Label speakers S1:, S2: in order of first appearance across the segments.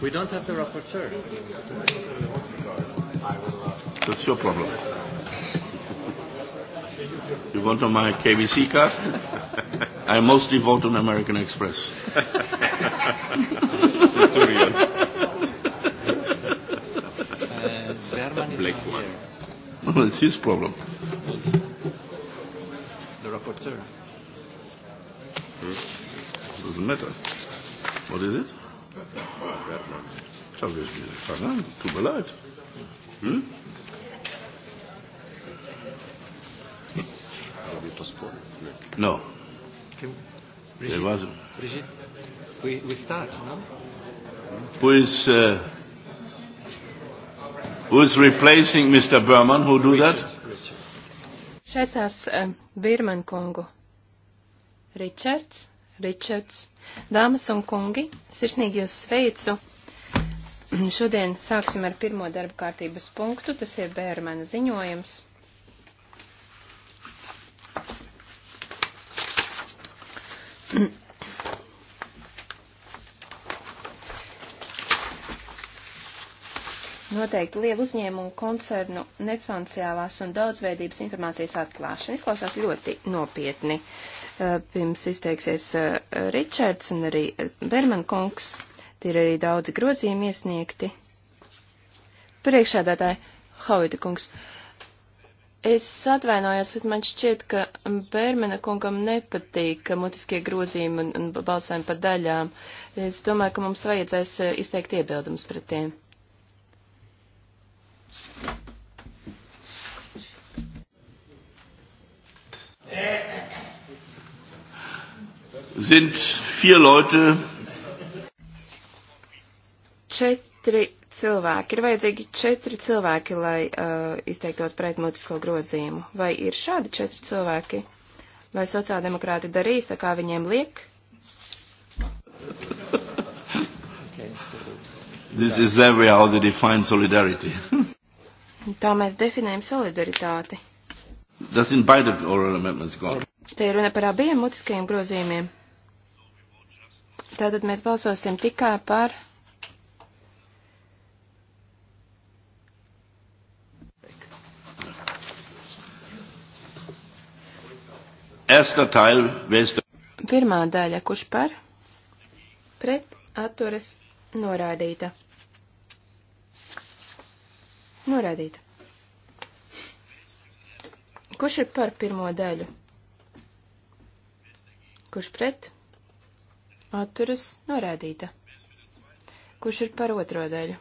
S1: We don't have the rapporteur. That's your problem. you want on my KBC card? I mostly vote on American Express. Centurion. uh, Black one. Well, it's his problem. The rapporteur. Hmm? Doesn't matter. What is it? Ich habe es mir verlangt. Tut mir leid. Hm? No. Brigitte, was... Brigitte we, we start, no? Who is, uh, who is replacing Mr. Berman? Who do Richard, that? Richard.
S2: Šeit tās um, Birman kungu. Ričards, Ričards, dāmas un kungi, sirsnīgi jūs sveicu Šodien sāksim ar pirmo darba kārtības punktu, tas ir Bērmana ziņojums. Noteikti lielu uzņēmumu koncernu nefunkcionālās un daudzveidības informācijas atklāšana izklausās ļoti nopietni. Pirms izteiksies eh, Ričards un arī eh, Berman kungs Tie ir arī daudzi grozījumi iesniegti. Priekšādātāji, Havita kungs, es atvainojos, bet man šķiet, ka Bērmena kungam nepatīk mutiskie grozījumi un, un balsājumi pa daļām. Es domāju, ka mums vajadzēs eh, izteikt iebildumus pret tiem.
S1: Sind vier Leute
S2: četri cilvēki, ir vajadzīgi četri cilvēki, lai uh, izteiktos pret mutisko grozījumu. Vai ir šādi četri cilvēki? Vai sociāldemokrāti darīs tā, kā viņiem liek?
S1: This is every how they define solidarity.
S2: tā mēs definējam solidaritāti.
S1: Tas ir baidot oral amendments gone.
S2: Te ir runa par abiem mutiskajiem grozījumiem. Tātad mēs balsosim tikai par
S1: Erster Teil, wer ist
S2: Pirmā daļa, kurš par? Pret atturas norādīta. Norādīta. Kurš ir par pirmo daļu? Kurš pret? Atturas norādīta. Kurš ir par otro daļu?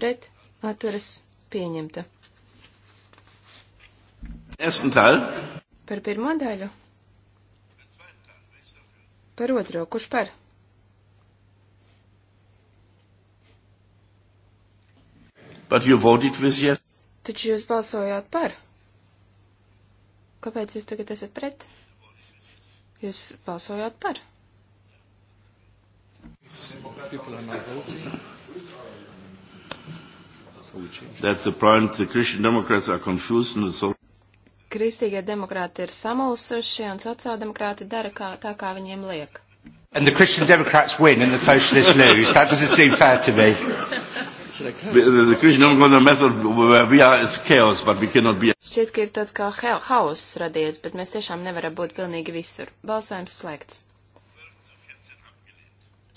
S2: Pret atturas pieņemta.
S1: Ersten Teil.
S2: Par pirmo daļu? Par otro, kurš par?
S1: But you voted with yes.
S2: Taču jūs balsojāt par. Kāpēc jūs tagad esat pret? Jūs balsojāt par.
S1: That's the point. The Christian Democrats are confused and so
S2: kristīgie demokrāti ir samulsuši un sociāldemokrāti dara kā, tā, kā viņiem liek.
S1: And the Christian Democrats win and the socialists lose. That doesn't seem fair to me. The Christian Democrat method where we are is chaos, but we cannot be.
S2: Šķiet, ka ir tāds kā hauss radies, bet mēs tiešām nevaram būt pilnīgi visur. Balsājums slēgts.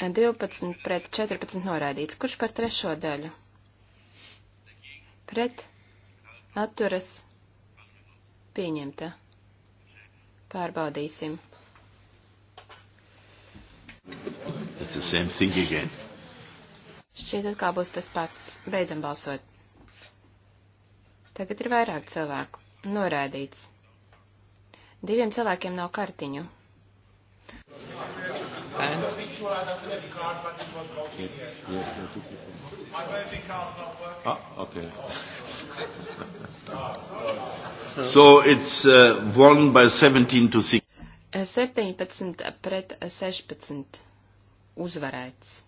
S2: 12 pret 14 noraidīts. Kurš par trešo daļu? Pret atturas Pieņemta. Pārbaudīsim.
S1: It's the same thing again.
S2: Šķiet atkal būs tas pats. Beidzam balsot. Tagad ir vairāk cilvēku. Norādīts. Diviem cilvēkiem nav kartiņu.
S1: And? Yes, yes, ah, okay. So, so it's uh, won by 17 to 6.
S2: 17 eh, pret 16 uzvarēts.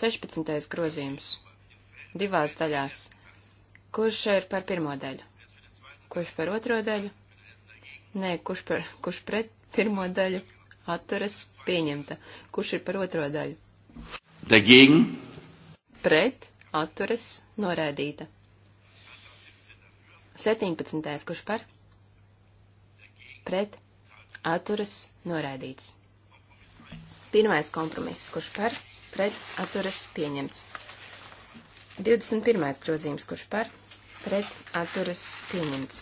S2: 16. grozījums. Divās daļās. Kurš ir par pirmo daļu? Kurš par otro daļu? Nē, kurš, par, kurš pret pirmo daļu? Atturas pieņemta. Kurš ir par otro daļu? Dagegen. Pret atturas norēdīta. 17. kurš par? Pret. Atturas noraidīts. Pirmais kompromiss, kurš par? Pret. Atturas pieņemts. 21. grozījums, kurš par? Pret. Atturas pieņemts.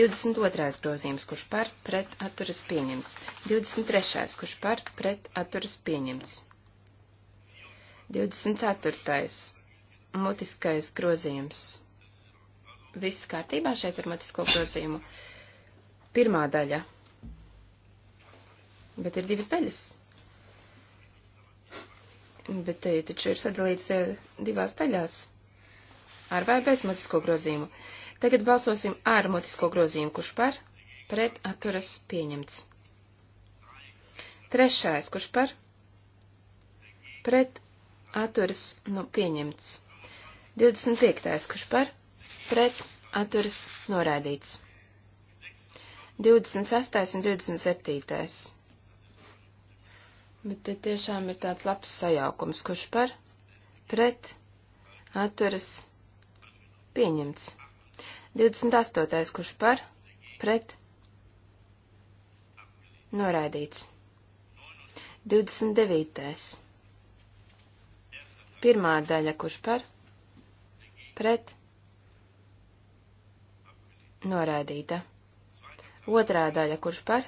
S2: 22. grozījums, kurš par pret atturas pieņemts. 23. kurš par pret atturas pieņemts. 24. mutiskais grozījums Viss kārtībā šeit ar matisko grozījumu. Pirmā daļa. Bet ir divas daļas. Bet te taču ir sadalīts eh, divās daļās. Ar vai bez matisko grozījumu. Tagad balsosim ar matisko grozījumu, kurš par pret atturas pieņemts. Trešais, kurš par pret atturas nu pieņemts. 25. kurš par pret atturas noraidīts. 26. un 27. Bet te tiešām ir tāds labs sajaukums, kurš par pret atturas pieņemts. 28. kurš par pret noraidīts. 29. Pirmā daļa, kurš par pret atturas Norādīta. Otrā daļa, kurš par?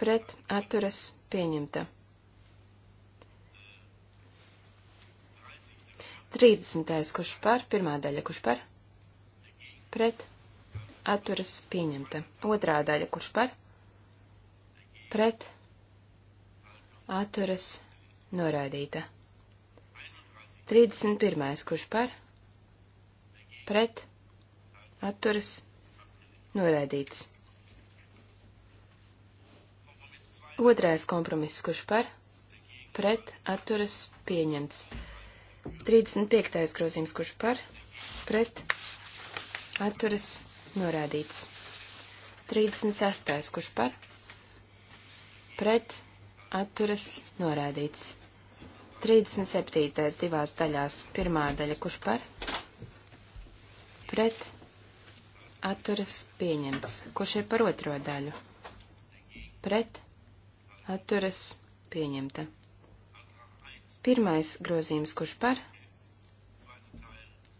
S2: Pret atturas pieņemta. 30. kurš par, pirmā daļa, kurš par? Pret atturas pieņemta. Otrā daļa, kurš par? Pret atturas norādīta. 31. kurš par? Pret atturas noraidīts. Otrais kompromiss, kurš par, pret, atturas, pieņemts. 35. grozījums, kurš par, pret, atturas, norādīts. 36. kurš par, pret, atturas, norādīts. 37. divās daļās, pirmā daļa, kurš par, pret, atturas pieņemts. Kurš ir par otro daļu? Pret atturas pieņemta. Pirmais grozījums, kurš par?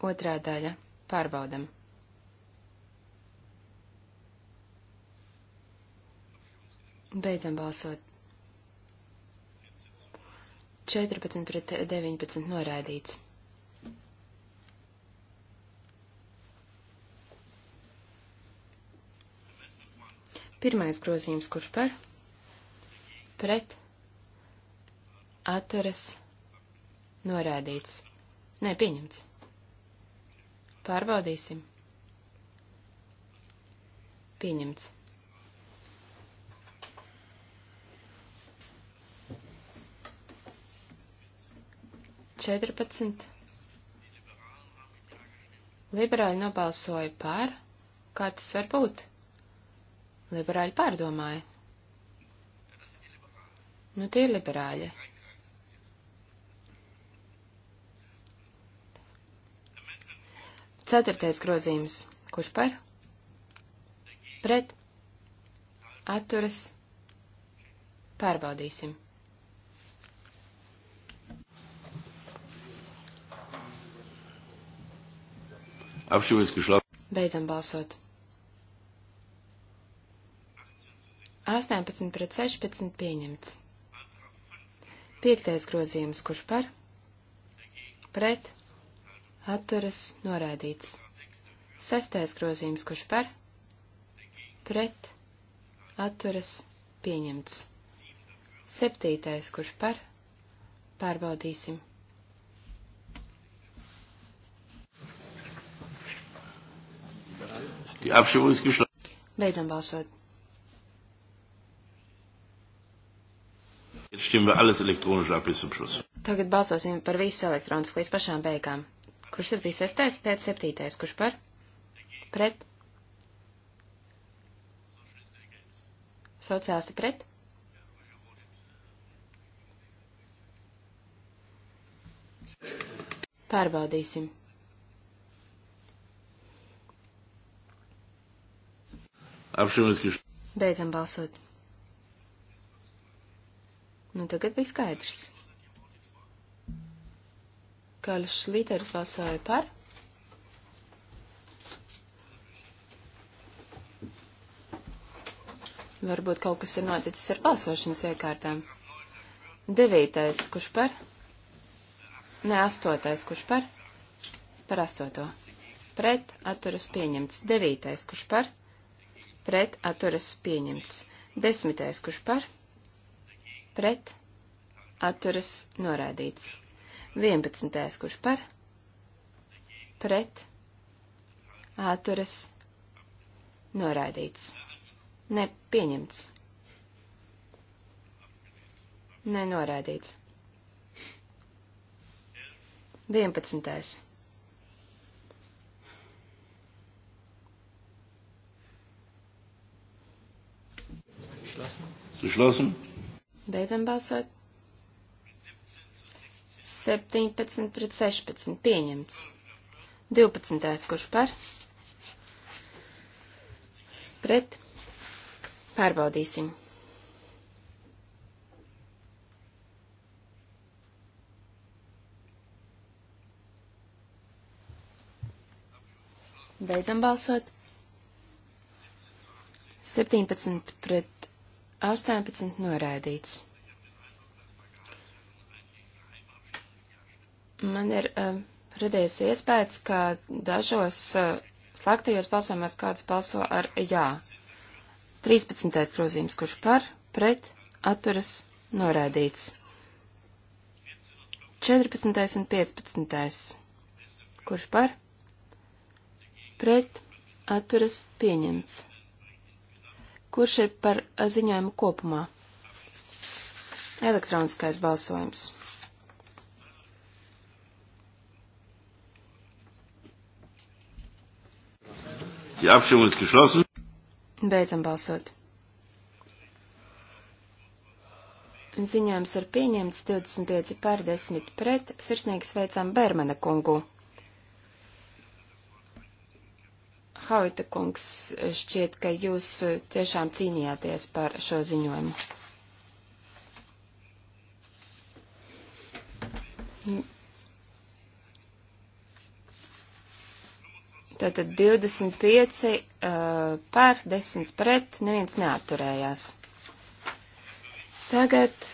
S2: Otrā daļa. Pārbaudam. Beidzam balsot. 14 pret 19 noraidīts. Pirmais grozījums, kurš par? Pret. Atturas. Norādīts. Nē, pieņemts. Pārbaudīsim. Pieņemts. Četrpadsmit. Liberāļi nobalsoja par. Kā tas var būt? Nu, liberāļi pārdomāja. Nu, tie ir liberāļi. Ceturtais grozījums. Kurš par? Pret. Atturas. Pārbaudīsim.
S1: Apšuvis, ka šlāk.
S2: Beidzam balsot. 18 pret 16 pieņemts. Piektais grozījums, kurš par? Pret. Atturas norādīts. Sestais grozījums, kurš par? Pret. Atturas pieņemts. Septītais, kurš par? Pārbaudīsim. Beidzam balsot.
S1: stimmen wir alles elektronisch ab bis zum Schluss.
S2: Tagad balsosim par visu elektroniski līdz pašām beigām. Kurš tas bija sestais, tēt septītais, kurš par? Pret? Sociālisti pret? Pārbaudīsim.
S1: Apšīmiski.
S2: Beidzam balsot. Nu, tagad bija skaidrs. Kāļš līderis balsoja par. Varbūt kaut kas ir noticis ar balsošanas iekārtām. Devītais, kurš par? Nē, astotais, kurš par? Par astoto. Pret atturas pieņemts. Devītais, kurš par? Pret atturas pieņemts. Desmitais, kurš par? pret, atturas norādīts. 11. kurš par, pret, atturas norādīts. Ne pieņemts. Nenorādīts. 11. Geschlossen. Beidzam balsot. 17 pret 16 pieņemts. 12. kurš par? Pret. Pārbaudīsim. Beidzam balsot. 17 pret 18 noraidīts. Man ir uh, radies iespējas, ka dažos uh, slēgtajos balsojumos kāds balso ar jā. 13. grozījums, kurš par, pret, atturas, noraidīts. 14. un 15. kurš par, pret, atturas, pieņemts. Kurš ir par eh, ziņojumu kopumā? Elektroniskais balsojums.
S1: Die Abstimmung ist geschlossen.
S2: Beidzam balsot. Ziņojums ir pieņemts 25 pār 10 pret. Sirsnīgi sveicam Bermana kungu. Hauita kungs, šķiet, ka jūs e, tiešām cīnījāties par šo ziņojumu. Tātad 25 uh, pār 10 pret, neviens neaturējās. Tagad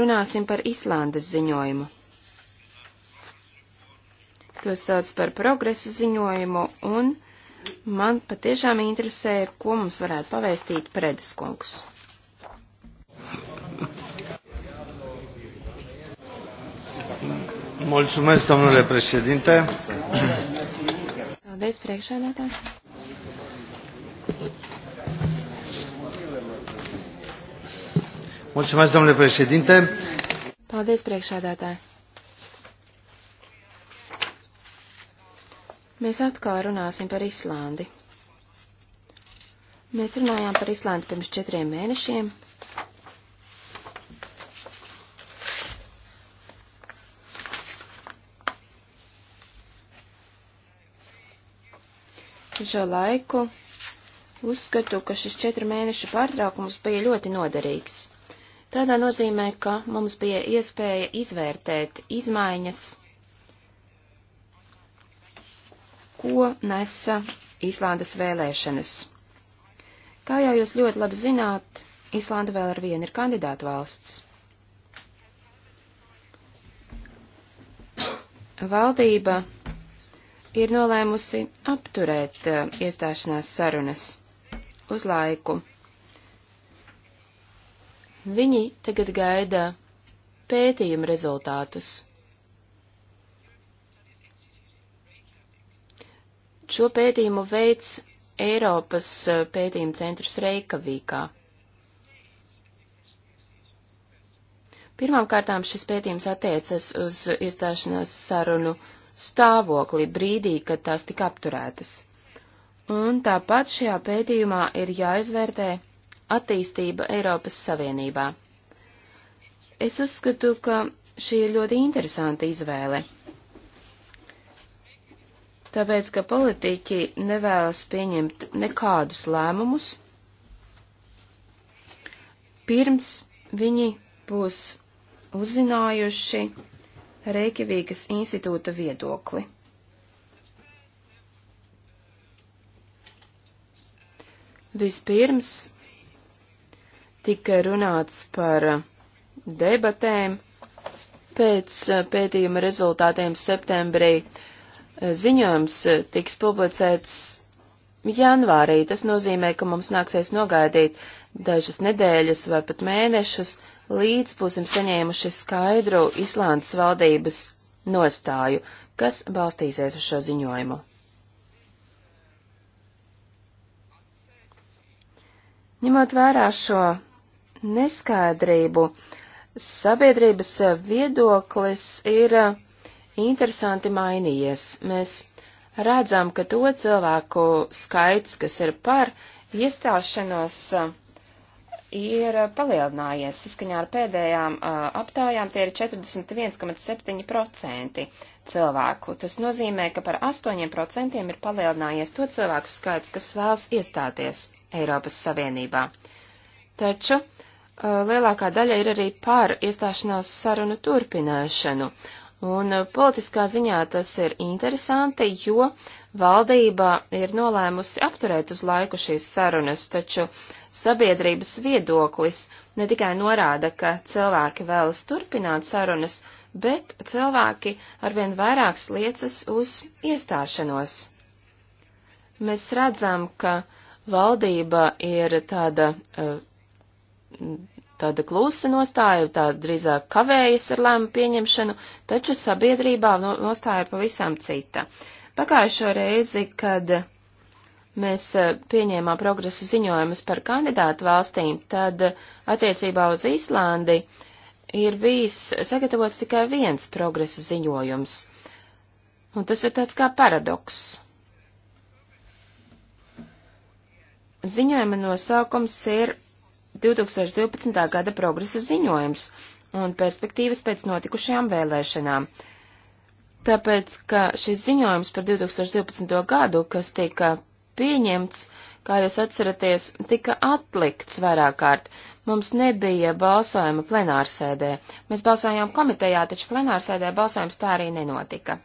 S2: runāsim par Islandes ziņojumu to sauc par progresa ziņojumu, un man patiešām interesē, ko mums varētu pavēstīt Predeskungs.
S1: Mulțumesc, domnule președinte. Paldies, priekšsēdētāj. Mulțumesc, domnule președinte.
S2: Paldies, priekšsēdētāj. Mēs atkal runāsim par Islandi. Mēs runājām par Islandi pirms četriem mēnešiem. Šo laiku uzskatu, ka šis četru mēnešu pārtraukums bija ļoti noderīgs. Tādā nozīmē, ka mums bija iespēja izvērtēt izmaiņas ko nesa Īslandes vēlēšanas. Kā jau jūs ļoti labi zināt, Īslanda vēl ar vienu ir kandidātu valsts. Valdība ir nolēmusi apturēt uh, iestāšanās sarunas uz laiku. Viņi tagad gaida pētījuma rezultātus. Šo pētījumu veids Eiropas eh, pētījuma centrs Reikavīkā. Pirmkārtām šis pētījums attiecas uz iestāšanās sarunu stāvokli brīdī, kad tās tika apturētas. Un tāpat šajā pētījumā ir jāizvērtē attīstība Eiropas Savienībā. Es uzskatu, ka šī ir ļoti interesanta izvēle tāpēc, ka politiķi nevēlas pieņemt nekādus lēmumus, pirms viņi būs uzzinājuši Reikivīgas institūta viedokli. Vispirms tika runāts par debatēm, pēc eh, pētījuma rezultātiem septembrī uh, Ziņojums eh, tiks publicēts janvārī. Tas nozīmē, ka mums nāksies nogaidīt dažas nedēļas vai pat mēnešus, līdz būsim saņēmuši skaidru Islandes valdības nostāju, kas balstīsies uz šo ziņojumu. Ņemot vērā šo neskaidrību, sabiedrības viedoklis ir uh, interesanti mainījies. Mēs redzam, ka to cilvēku skaits, kas ir par iestāšanos, ir palielinājies. Saskaņā ar pēdējām aptājām tie ir 41,7% cilvēku. Tas nozīmē, ka par 8% ir palielinājies to cilvēku skaits, kas vēlas iestāties Eiropas Savienībā. Taču lielākā daļa ir arī par iestāšanās sarunu turpināšanu, Un uh, politiskā ziņā tas ir interesanti, jo valdība ir nolēmusi apturēt uz laiku šīs sarunas, taču sabiedrības viedoklis ne tikai norāda, ka cilvēki vēlas turpināt sarunas, bet cilvēki arvien vairāk liecas uz iestāšanos. Mēs redzam, ka valdība ir tāda uh, tāda klusa nostāja, tā drīzāk kavējas ar lēmu pieņemšanu, taču sabiedrībā nostāja ir pavisam cita. Pagājušo reizi, kad mēs eh, pieņēmām progresa ziņojumus par kandidātu valstīm, tad attiecībā uz Īslandi ir bijis sagatavots tikai viens progresa ziņojums. Un tas ir tāds kā paradoks. Ziņojuma nosaukums ir 2012. gada progresa ziņojums un perspektīvas pēc notikušajām vēlēšanām. Tāpēc, ka šis ziņojums par 2012. gadu, kas tika pieņemts, kā jūs atceraties, tika atlikts vairāk kārt. Mums nebija balsojuma plenārsēdē. Mēs balsojām komitejā, taču plenārsēdē balsojums tā arī nenotika.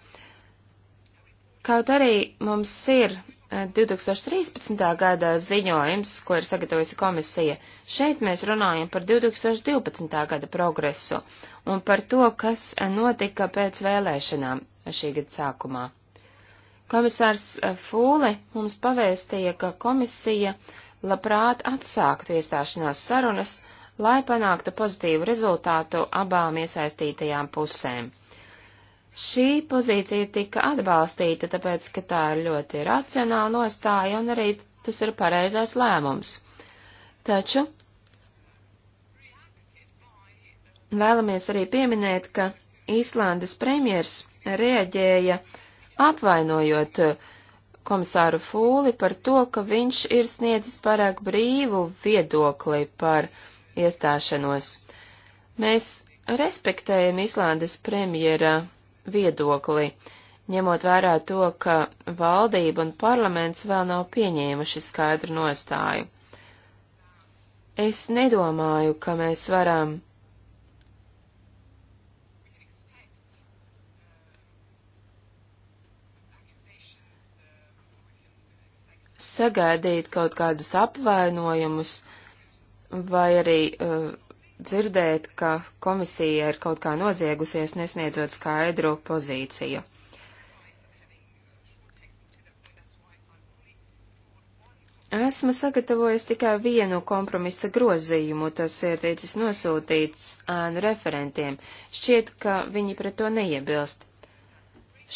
S2: Kaut arī mums ir 2013. Eh, gada ziņojums, ko ir sagatavojusi komisija, šeit mēs runājam par 2012. gada progresu un par to, kas eh, notika pēc vēlēšanām šī gada sākumā. Komisārs eh, Fūle mums pavēstīja, ka komisija labprāt atsāktu iestāšanās sarunas, lai panāktu pozitīvu rezultātu abām iesaistītajām pusēm. Šī pozīcija tika atbalstīta, tāpēc, ka tā ir ļoti racionāla nostāja un arī tas ir pareizais lēmums. Taču vēlamies arī pieminēt, ka Īslandes premjers reaģēja apvainojot eh, komisāru Fūli par to, ka viņš ir sniedzis pārāk brīvu viedokli par iestāšanos. Mēs respektējam Īslandes premjera viedokli, ņemot vērā to, ka valdība un parlaments vēl nav pieņēmuši skaidru nostāju. Es nedomāju, ka mēs varam sagaidīt kaut kādus apvainojumus vai arī uh, dzirdēt, ka komisija ir kaut kā noziegusies, nesniedzot skaidru pozīciju. Esmu sagatavojis tikai vienu kompromisa grozījumu, tas ir teicis nosūtīts ēnu referentiem. Šķiet, ka viņi pret to neiebilst.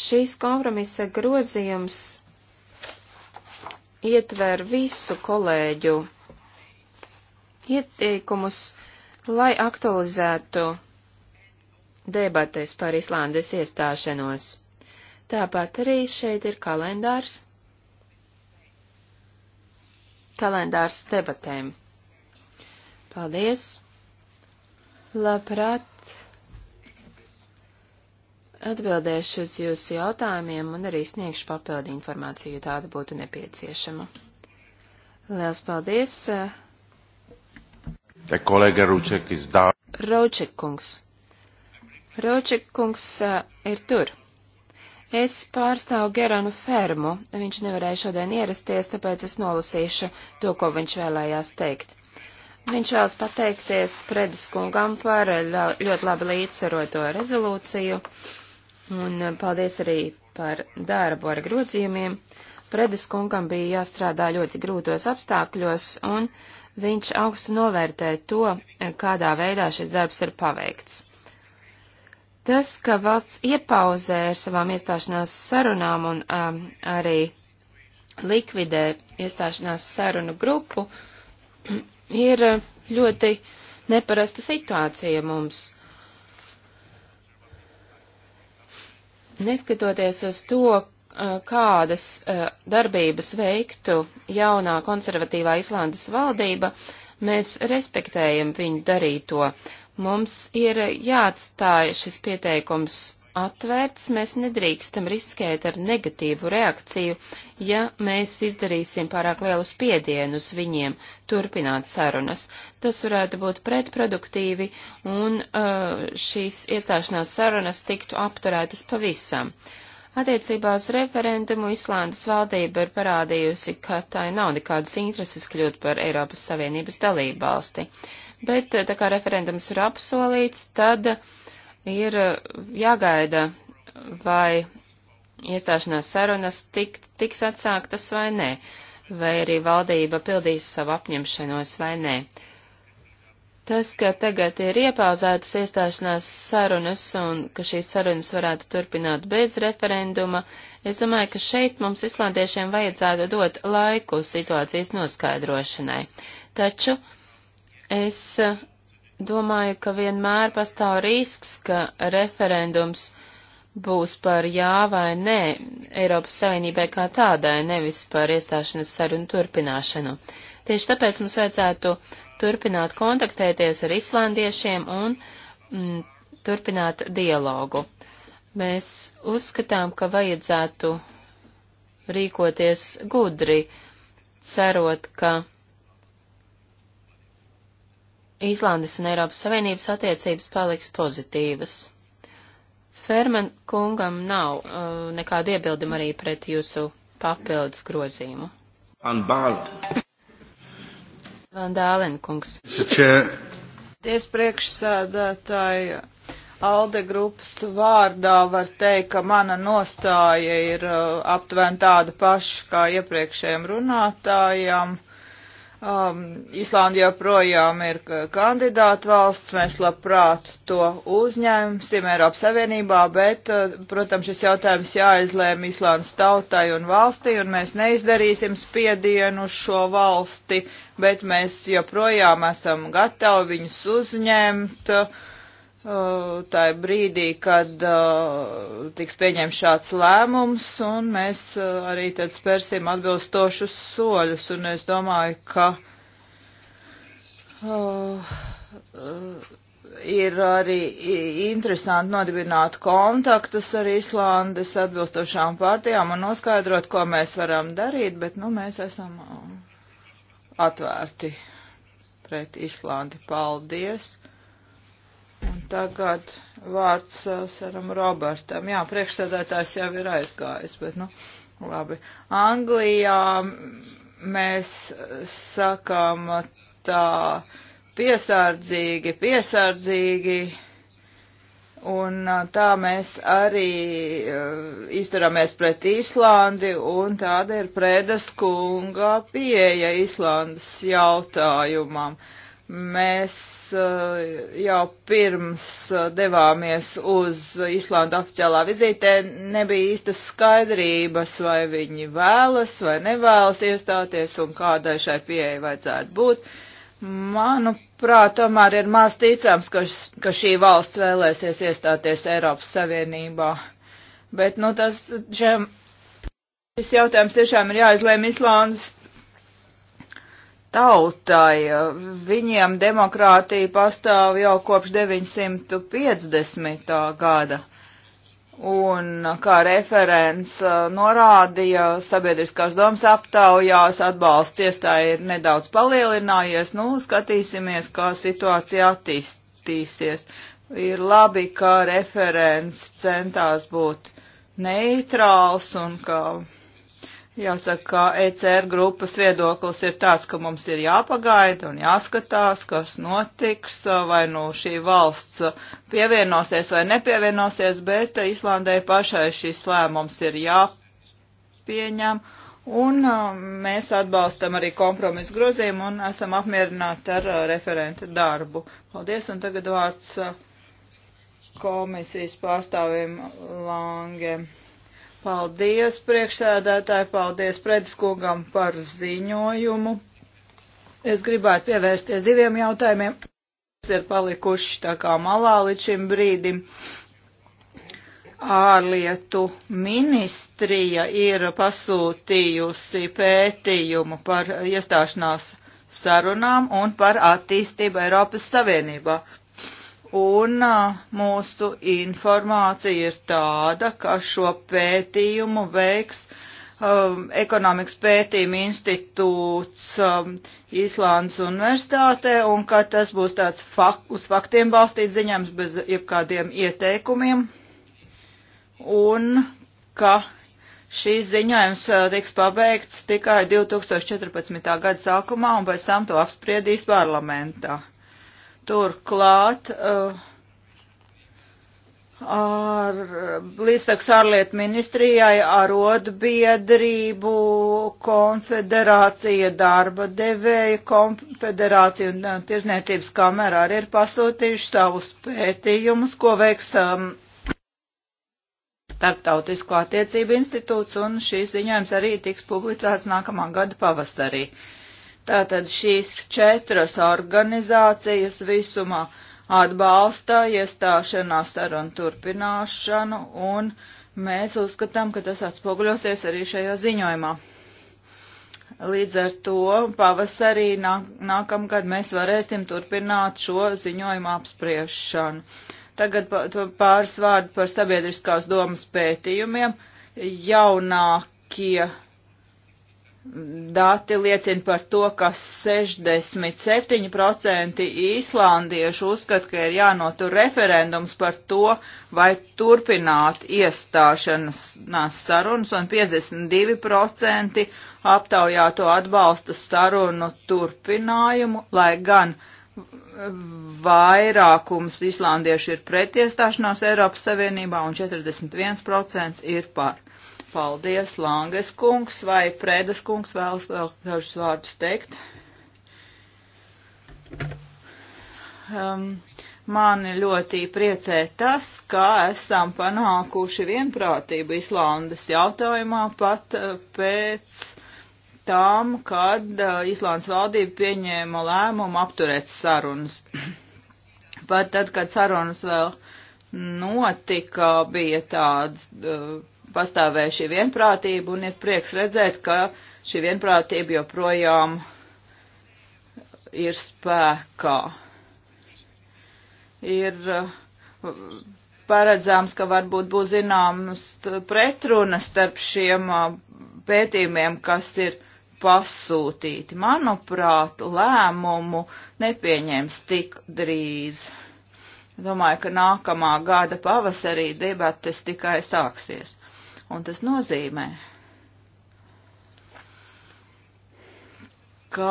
S2: Šīs kompromisa grozījums ietver visu kolēģu ieteikumus, lai aktualizētu debates par Islandes iestāšanos. Tāpat arī šeit ir kalendārs. Kalendārs debatēm. Paldies! Labprāt atbildēšu uz jūsu jautājumiem un arī sniegšu papildu informāciju, ja tāda būtu nepieciešama. Liels paldies!
S1: Ja kolēģa Rūček izdā.
S2: Rūček kungs. Rūček kungs uh, ir tur. Es pārstāvu Geranu Fermu, viņš nevarēja šodien ierasties, tāpēc es nolasīšu to, ko viņš vēlējās teikt. Viņš vēlas pateikties Predis kungam par ļoti labi līdzsvaroto rezolūciju, un eh, paldies arī par darbu ar grozījumiem. Predis kungam bija jāstrādā ļoti grūtos apstākļos, un viņš augstu novērtē to, kādā veidā šis darbs ir paveikts. Tas, ka valsts iepauzē ar savām iestāšanās sarunām un um, arī likvidē iestāšanās sarunu grupu, ir ļoti neparasta situācija mums. Neskatoties uz to, kādas darbības veiktu jaunā konservatīvā Islandes valdība, mēs respektējam viņu darīto. Mums ir jāatstāj šis pieteikums atvērts, mēs nedrīkstam riskēt ar negatīvu reakciju, ja mēs izdarīsim pārāk lielu spiedienu uz viņiem turpināt sarunas. Tas varētu būt pretproduktīvi, un uh, šīs iestāšanās sarunas tiktu apturētas pavisam. Uh, Attiecībā uz referendumu Islandes valdība ir parādījusi, ka tai nav nekādas intereses kļūt par Eiropas Savienības dalību valsti. Bet tā kā referendums ir apsolīts, tad ir jāgaida, vai iestāšanās sarunas tik, tiks atsāktas vai nē, vai arī valdība pildīs savu apņemšanos vai nē. Uh, Tas, ka tagad ir iepauzētas iestāšanās sarunas un ka šīs sarunas varētu turpināt bez referenduma, es domāju, ka šeit mums islandiešiem vajadzētu dot laiku situācijas noskaidrošanai. Taču es eh, domāju, ka vienmēr pastāv risks, ka referendums būs par jā vai nē Eiropas Savienībai kā tādai, nevis par iestāšanas sarunu turpināšanu. Tieši tāpēc mums vajadzētu turpināt kontaktēties ar islandiešiem un mm, turpināt dialogu. Mēs uzskatām, ka vajadzētu rīkoties gudri, cerot, ka Īslandes un Eiropas Savienības attiecības paliks pozitīvas. Ferman kungam nav uh, nekāda iebilduma arī pret jūsu papildus grozījumu.
S1: Anbāla.
S3: Van Dālenkungs. Ties priekšsēdētāji Alde grupas vārdā var teikt, ka mana nostāja ir uh, aptuveni tāda paša kā iepriekšējiem runātājiem. Uh, Um, Islanda joprojām ir kandidāta valsts, mēs labprāt to uzņemsim Eiropas Savienībā, bet, uh, protams, šis jautājums jāizlēma Islandas tautai un valstī, un mēs neizdarīsim spiedienu šo valsti, bet mēs joprojām esam gatavi viņus uzņemt. Uh, Eh, tā brīdī, kad eh, tiks pieņemts šāds lēmums, un mēs eh, arī tad spērsim atbilstošus soļus, un es domāju, ka uh, ir arī interesanti nodibināt kontaktus ar Islandes atbilstošām partijām un noskaidrot, ko mēs varam darīt, bet, nu, mēs esam atvērti pret Islandi. Paldies! Tagad vārds uh, Saram Robertam. Jā, priekšsēdētājs jau ir aizgājis, bet, nu, labi. Anglijā mēs sakām tā piesardzīgi, piesardzīgi, un uh, tā mēs arī uh, izturamies pret Īslandi, un tāda ir Prēdas kunga pieeja Īslandas jautājumam. Uh, Mēs eh, jau pirms eh, devāmies uz Islandu oficiālā vizītē, nebija īstas skaidrības, vai viņi vēlas vai nevēlas iestāties un kādai šai pieeja vajadzētu būt. Manuprāt, tomēr ir maz ticams, ka, ka šī valsts vēlēsies iestāties Eiropas Savienībā. Bet, nu, tas, šiem, šis jautājums tiešām ir jāizlēma Islandas tautai. Viņiem demokrātija pastāv jau kopš 950. gada. Un kā referents uh, norādīja, sabiedriskās domas aptaujās atbalsts iestāja ir nedaudz palielinājies. Nu, skatīsimies, kā situācija attīstīsies. Ir labi, ka referents centās būt neitrāls un ka Jāsaka, ECR grupas viedoklis ir tāds, ka mums ir jāpagaida un jāskatās, kas notiks, vai nu šī valsts pievienosies vai nepievienosies, bet Islandē pašai šis lēmums ir jāpieņem. Un um, mēs atbalstam arī kompromisu grozījumu un esam apmierināti ar uh, referenta darbu. Paldies, un tagad vārds uh, komisijas pārstāvim Langem. Paldies, priekšsēdētāji, paldies prediskogam par ziņojumu. Es gribētu pievērsties diviem jautājumiem, kas ir palikuši tā kā malā līdz šim brīdim. Ārlietu ministrija ir pasūtījusi pētījumu par iestāšanās sarunām un par attīstību Eiropas Savienībā. Un mūsu informācija ir tāda, ka šo pētījumu veiks um, ekonomikas pētījuma institūts um, Īslandes universitātē un ka tas būs tāds fak uz faktiem balstīts ziņojums bez jebkādiem ieteikumiem un ka šīs ziņojums tiks pabeigts tikai 2014. gada sākumā un pēc tam to apspriedīs parlamentā. Turklāt eh, ar līdztekus ārlietu ministrijai arotbiedrību konfederācija, darba devēja konfederācija un eh, tirzniecības kamera arī ir pasūtījuši savus pētījumus, ko veiks um, Starptautisko attiecību institūts un šīs ziņojums arī tiks publicēts nākamā gada pavasarī. Uh, Tātad šīs četras organizācijas visumā atbalsta iestāšanās sarunu turpināšanu, un mēs uzskatām, ka tas atspoguļosies arī šajā ziņojumā. Līdz ar to pavasarī nā, nākamgad mēs varēsim turpināt šo ziņojumu apspriešanu. Tagad pāris vārdu par sabiedriskās domas pētījumiem. Jaunākie Dati liecina par to, ka 67% īslandiešu uzskata, ka ir jānotur referendums par to, vai turpināt iestāšanās sarunas, un 52% aptaujā to atbalsta sarunu turpinājumu, lai gan vairākums īslandiešu ir pret iestāšanos Eiropas Savienībā un 41% ir par. Paldies, Langes kungs, vai Prēdas kungs vēlas vēl dažus vārdus teikt? Um, mani ļoti priecē tas, ka esam panākuši vienprātību Islandes jautājumā pat uh, pēc tām, kad uh, Islandes valdība pieņēma lēmumu apturēt sarunas. pat tad, kad sarunas vēl notika, bija tāds. Uh, pastāvēja šī vienprātība un ir prieks redzēt, ka šī vienprātība joprojām ir spēkā. Ir uh, paredzams, ka varbūt būs zināmas pretrunas starp šiem uh, pētījumiem, kas ir pasūtīti. Manuprāt, lēmumu nepieņems tik drīz. Domāju, ka nākamā gada pavasarī debates tikai sāksies. Un tas nozīmē, ka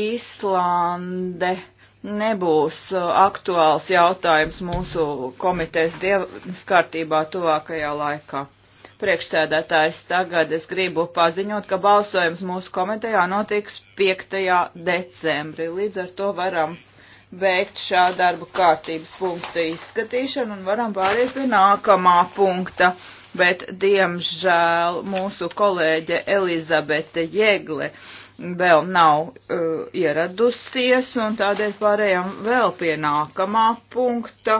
S3: Īslande nebūs uh, aktuāls jautājums mūsu komitejas dienas kārtībā tuvākajā laikā. Priekšsēdētājs tagad es gribu paziņot, ka balsojums mūsu komitejā notiks 5. decembrī. Līdz ar to varam veikt šā darba kārtības punkta izskatīšanu un varam pāriet pie nākamā punkta bet diemžēl mūsu kolēģe Elizabete Jēgle vēl nav uh, ieradusies, un tādēļ pārējām vēl pie nākamā punkta,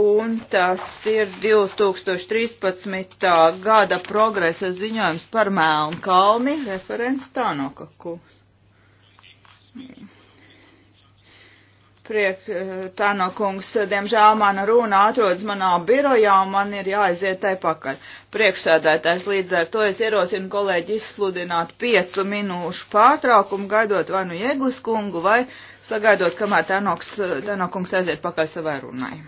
S3: un tas ir 2013. gada progresa ziņojums par Melnkalni, referents Tānokaku. Mm. Priek, eh, tā no kungs, eh, diemžēl mana runa atrodas manā birojā un man ir jāaiziet tai pakaļ. Priekšsēdētājs līdz ar to es ierosinu kolēģi izsludināt piecu minūšu pārtraukumu, gaidot vai nu Jēglis kungu, vai sagaidot, kamēr Tanoks, eh, Tanokungs aiziet pakaļ savai runai.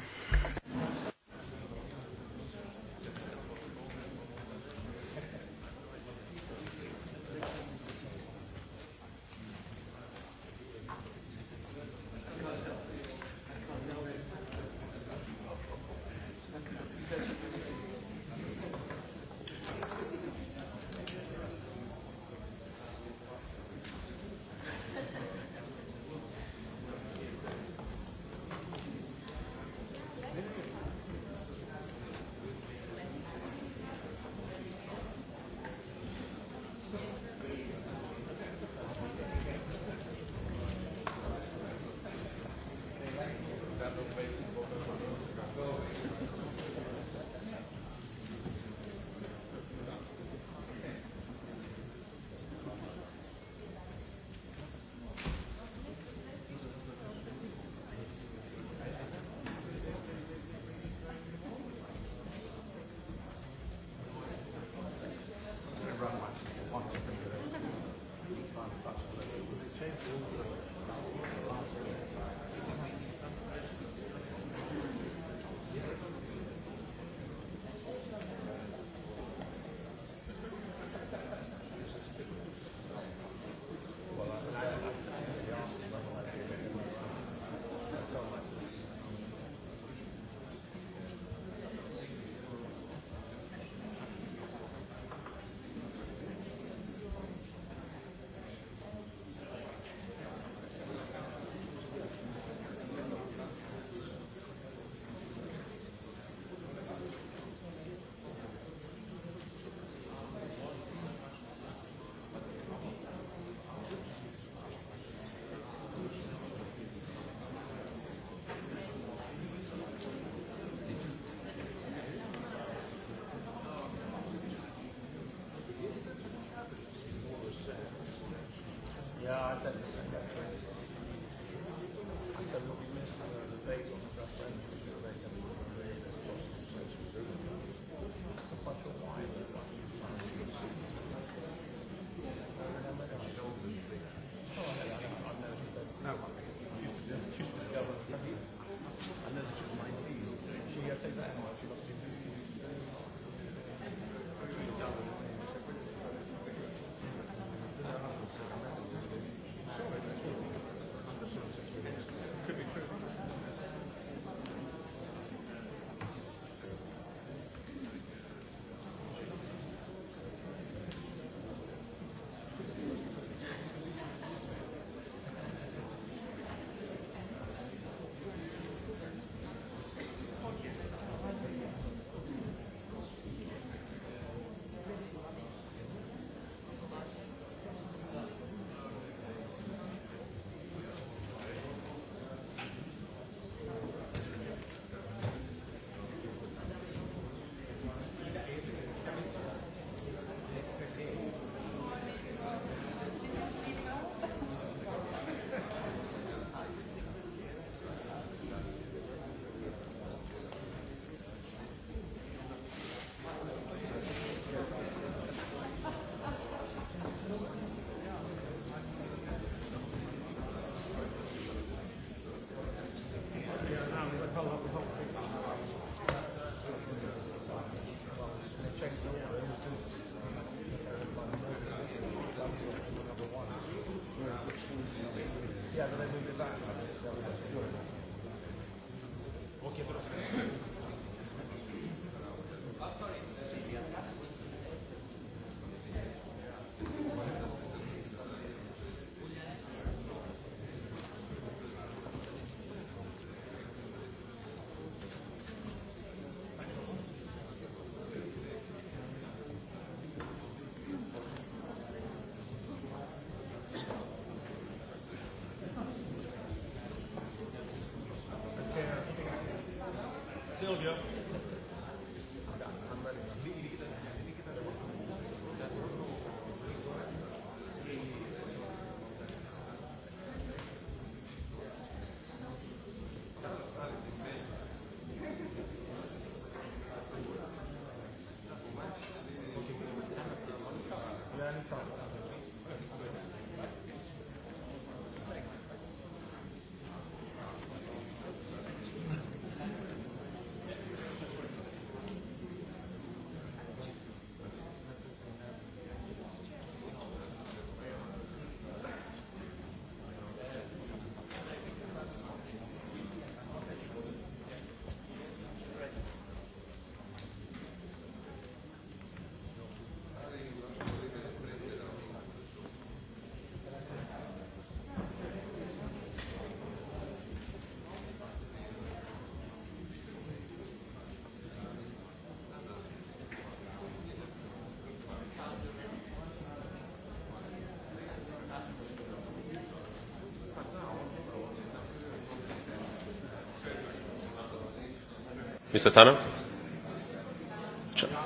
S1: Mr. Tanner?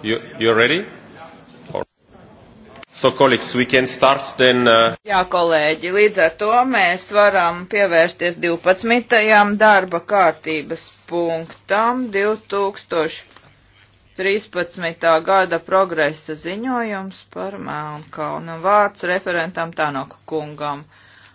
S1: You, you're ready? So, colleagues, we can start then. Uh...
S3: Jā, kolēģi, līdz ar to mēs varam pievērsties 12. darba kārtības punktam 2013. gada progresa ziņojums par Melnkalnu vārds referentam Tanoka kungam.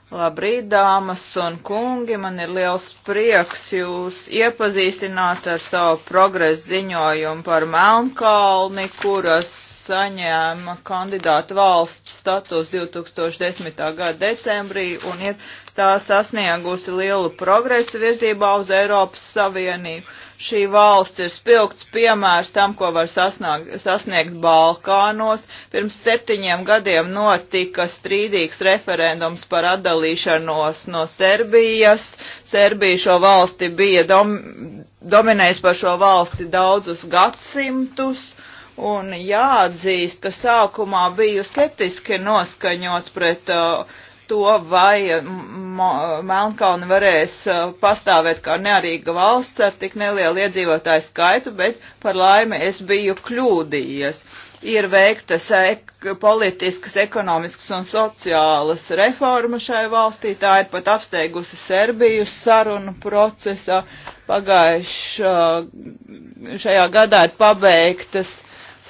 S3: Labrīt, dāmas un kungi, man ir liels prieks jūs iepazīstināt ar savu progresu ziņojumu par Melnkalni, kuras saņēma kandidāta valsts status 2010. gada decembrī un ir tā sasniegusi lielu progresu virzībā uz Eiropas Savienību Šī valsts ir spilgts piemērs tam, ko var sasnākt, sasniegt Balkānos. Pirms septiņiem gadiem notika strīdīgs referendums par atdalīšanos no Serbijas. Serbija šo valsti bija dom, dominējis par šo valsti daudzus gadsimtus. Un jāatzīst, ka sākumā biju skeptiski noskaņots pret uh, to, vai Melnkalni varēs pastāvēt kā nearīga valsts ar tik nelielu iedzīvotāju skaitu, bet par laimi es biju kļūdījies. Ir veiktas ek politiskas, ekonomiskas un sociālas reformas šai valstī. Tā ir pat apsteigusi Serbiju sarunu procesā. Pagājušajā gadā ir pabeigtas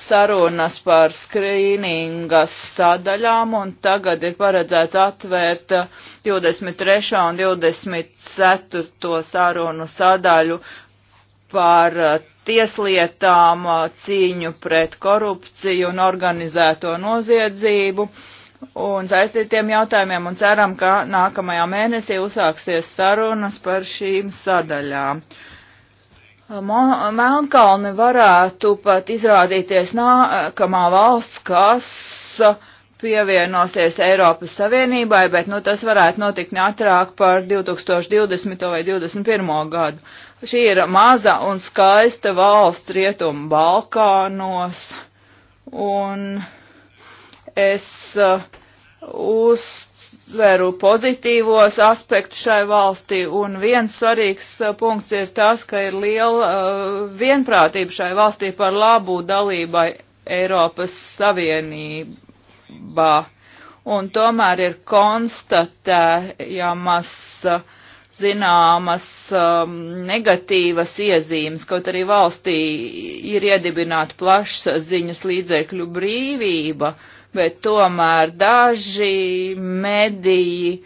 S3: sarunas par skrīningas sadaļām, un tagad ir paredzēts atvērt 23. un 24. sarunu sadaļu par uh, tieslietām, uh, cīņu pret korupciju un organizēto noziedzību un saistītiem jautājumiem, un ceram, ka nākamajā mēnesī uzsāksies sarunas par šīm sadaļām. Uh, Melnkalne varētu pat izrādīties nākamā valsts, kas pievienosies Eiropas Savienībai, bet nu, tas varētu notikt neatrāk par 2020. vai 2021. gadu. Šī ir maza un skaista valsts rietumu Balkānos, un es uh, uz uzsveru pozitīvos aspektus šai valstī, un viens svarīgs uh, punkts ir tas, ka ir liela uh, vienprātība šai valstī par labu dalībai Eiropas Savienībā. Un tomēr ir konstatējamas uh, zināmas um, negatīvas iezīmes, kaut arī valstī ir iedibināta plašsaziņas līdzekļu brīvība. Uh, bet tomēr daži mediji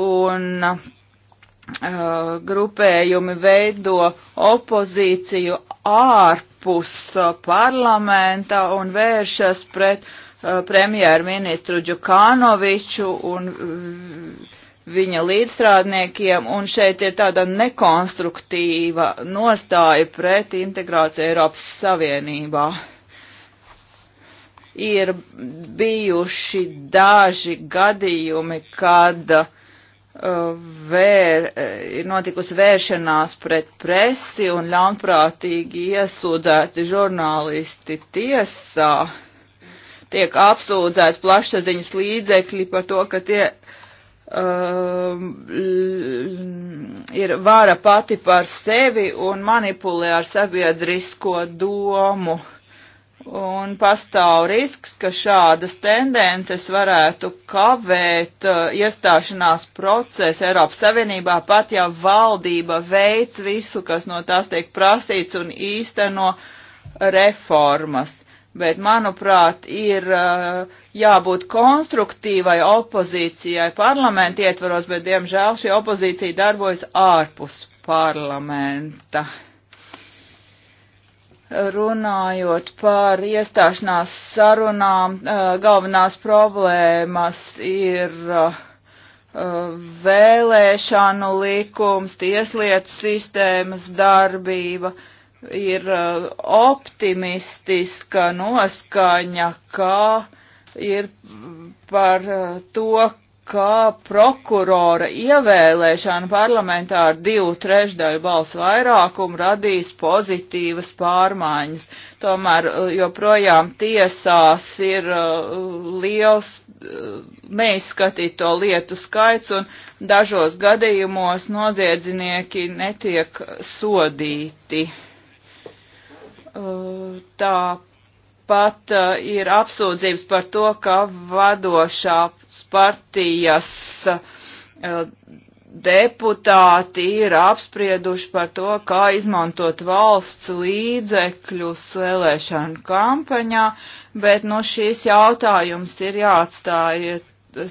S3: un uh, grupējumi veido opozīciju ārpus uh, parlamenta un vēršas pret uh, premjerministru Džukanoviču un uh, viņa līdzstrādniekiem, un šeit ir tāda nekonstruktīva nostāja pret integrāciju Eiropas Savienībā ir bijuši daži gadījumi, kad uh, vēr, eh, ir notikusi vēršanās pret presi un ļaunprātīgi iesūdzēti žurnālisti tiesā. Tiek apsūdzēti plašsaziņas līdzekļi par to, ka tie um, ir vara pati par sevi un manipulē ar sabiedrisko domu. Uh, Un pastāv risks, ka šādas tendences varētu kavēt uh, iestāšanās procesu Eiropas Savienībā, pat ja valdība veic visu, kas no tās tiek prasīts un īsteno reformas. Bet, manuprāt, ir uh, jābūt konstruktīvai opozīcijai parlamentu ietvaros, bet, diemžēl, šī opozīcija darbojas ārpus parlamenta. Uh, runājot par iestāšanās sarunām, eh, galvenās problēmas ir eh, vēlēšanu likums, tieslietu sistēmas darbība, ir eh, optimistiska noskaņa, kā ir par to, ka prokurora ievēlēšana parlamentā ar divu trešdaļu balsu vairākumu radīs pozitīvas pārmaiņas. Tomēr uh, joprojām tiesās ir uh, liels uh, neizskatīto lietu skaits un dažos gadījumos noziedznieki netiek sodīti. Tāpēc Tāpat uh, ir apsūdzības par to, ka vadošās partijas uh, deputāti ir apsprieduši par to, kā izmantot valsts līdzekļus vēlēšanu kampaņā, bet nu, šīs jautājums ir jāatstāj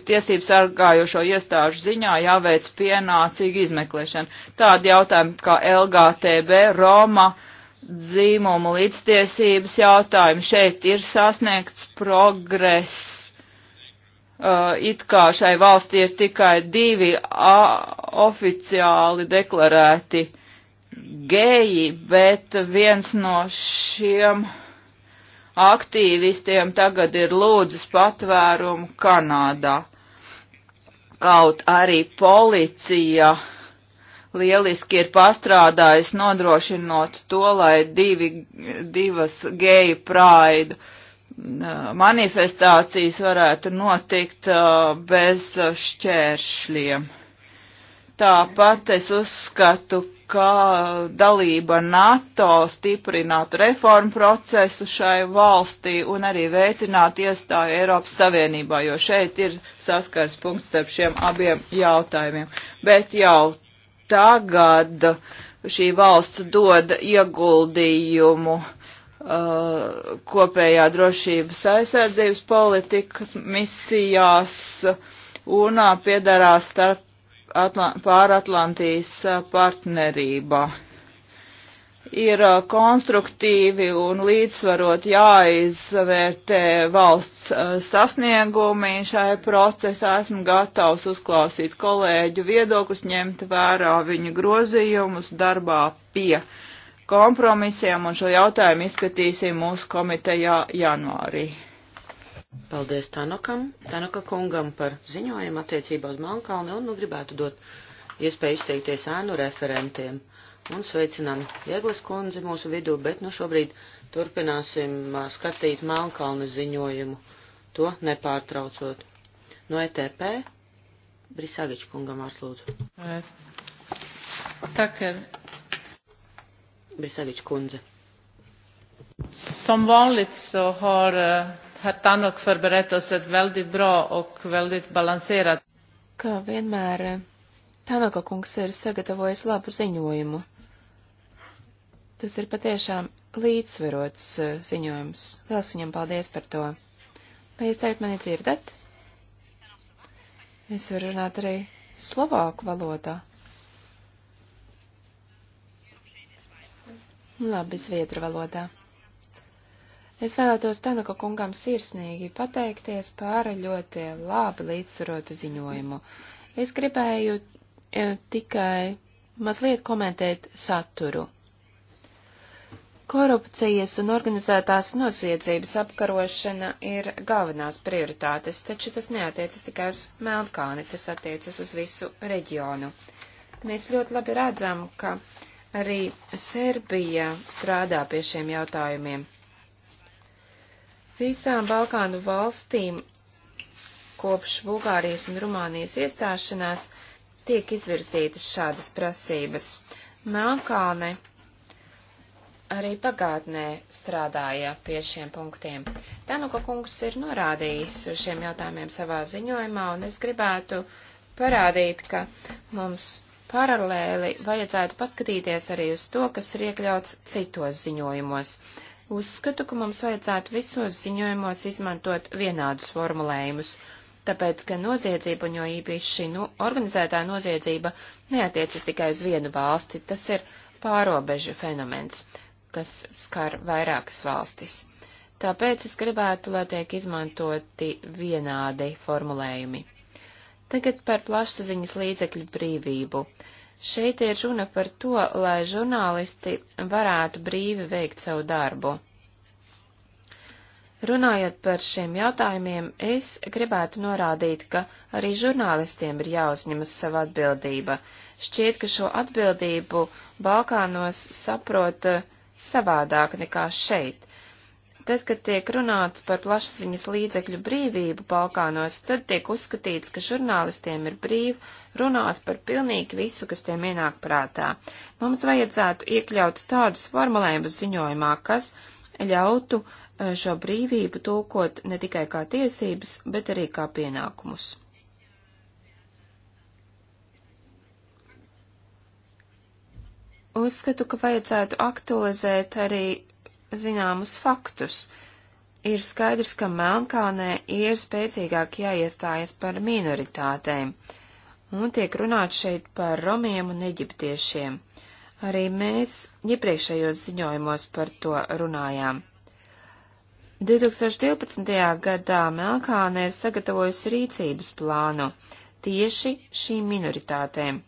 S3: tiesību sargājošo iestāžu ziņā jāveic pienācīga izmeklēšana. Tādi jautājumi kā LGTB, Roma, uh, dzīmumu līdztiesības jautājumu. Šeit ir sasniegts progress. Uh, it kā šai valstī ir tikai divi oficiāli deklarēti geji, bet viens no šiem aktīvistiem tagad ir lūdzis patvērumu Kanādā. Kaut arī policija uh, lieliski ir pastrādājis nodrošinot to, lai divi, divas geju praidu uh, manifestācijas varētu notikt uh, bez šķēršļiem. Tāpat es uzskatu, ka dalība NATO stiprinātu reformu procesu šai valstī un arī veicinātu iestāju Eiropas Savienībā, jo šeit ir saskars punkts starp šiem abiem jautājumiem. Bet jau tagad šī valsts dod ieguldījumu uh, kopējā drošības aizsardzības politikas misijās un uh, piedarās starp Atlant pāratlantijas uh, partnerībā ir uh, konstruktīvi un līdzsvarot jāizvērtē valsts uh, sasniegumi šai procesā. Esmu gatavs uzklausīt kolēģu viedokļus, ņemt vērā viņu grozījumus darbā pie kompromisiem un šo jautājumu izskatīsim mūsu komitejā janvārī.
S4: Paldies Tanokam, Tanoka kungam par ziņojumu attiecībā uz Melnkalni un nu gribētu dot iespēju izteikties ēnu referentiem un sveicinām Jēglas kundzi mūsu vidū, bet nu šobrīd turpināsim skatīt Melnkalni ziņojumu, to nepārtraucot. No ETP Brisāgič kungam vārds lūdzu. Taker. Brisāgič kundze.
S3: Som vanligt så har herr Tannock
S4: förberett oss ett väldigt bra och väldigt balanserat.
S2: Kā vienmēr Tanaka kungs ir sagatavojis labu ziņojumu. Tas ir patiešām līdzsvarots eh, ziņojums. Liels viņam paldies par to. Vai jūs teikt mani dzirdat? Es varu runāt arī slovāku valodā. Labi, zviedru valodā. Es vēlētos Tanaka kungam sirsnīgi pateikties par ļoti labi līdzsvarotu ziņojumu. Es gribēju e, tikai mazliet komentēt saturu. Korupcijas un organizētās noziedzības apkarošana ir galvenās prioritātes, taču tas neatiecas tikai uz Melnkalni, tas attiecas uz visu reģionu. Mēs ļoti labi redzam, ka arī Serbija strādā pie šiem jautājumiem. Visām Balkānu valstīm kopš Bulgārijas un Rumānijas iestāšanās tiek izvirzītas šādas prasības. Melnkalne arī pagātnē strādāja pie šiem punktiem. Tanuka kungs ir norādījis šiem jautājumiem savā ziņojumā, un es gribētu parādīt, ka mums paralēli vajadzētu paskatīties arī uz to, kas ir iekļauts citos ziņojumos. Uzskatu, ka mums vajadzētu visos ziņojumos izmantot vienādus formulējumus, tāpēc, ka noziedzība, un jo īpaši šī nu, organizētā noziedzība, neatiecas tikai uz vienu valsti, tas ir pārobežu fenomens kas skar vairākas valstis. Tāpēc es gribētu, lai tiek izmantoti vienādi formulējumi. Tagad par plašsaziņas līdzekļu brīvību. Šeit ir runa par to, lai žurnālisti varētu brīvi veikt savu darbu. Runājot par šiem jautājumiem, es gribētu norādīt, ka arī žurnālistiem ir jāuzņemas sava atbildība. Šķiet, ka šo atbildību Balkānos saprota savādāk nekā šeit. Tad, kad tiek runāts par plašsaziņas līdzekļu brīvību Balkānos, tad tiek uzskatīts, ka žurnālistiem ir brīvi runāt par pilnīgi visu, kas tiem ienāk prātā. Mums vajadzētu iekļaut tādus formulējumus ziņojumā, kas ļautu eh, šo brīvību tulkot ne tikai kā tiesības, bet arī kā pienākumus. Uzskatu, ka vajadzētu aktualizēt arī zināmus faktus. Ir skaidrs, ka Melnkalnē ir spēcīgāk jāiestājas par minoritātēm, un tiek runāts šeit par romiem un eģiptiešiem. Arī mēs iepriekšējos ziņojumos par to runājām. 2012. gadā Melkāne ir sagatavojusi rīcības plānu tieši šīm minoritātēm.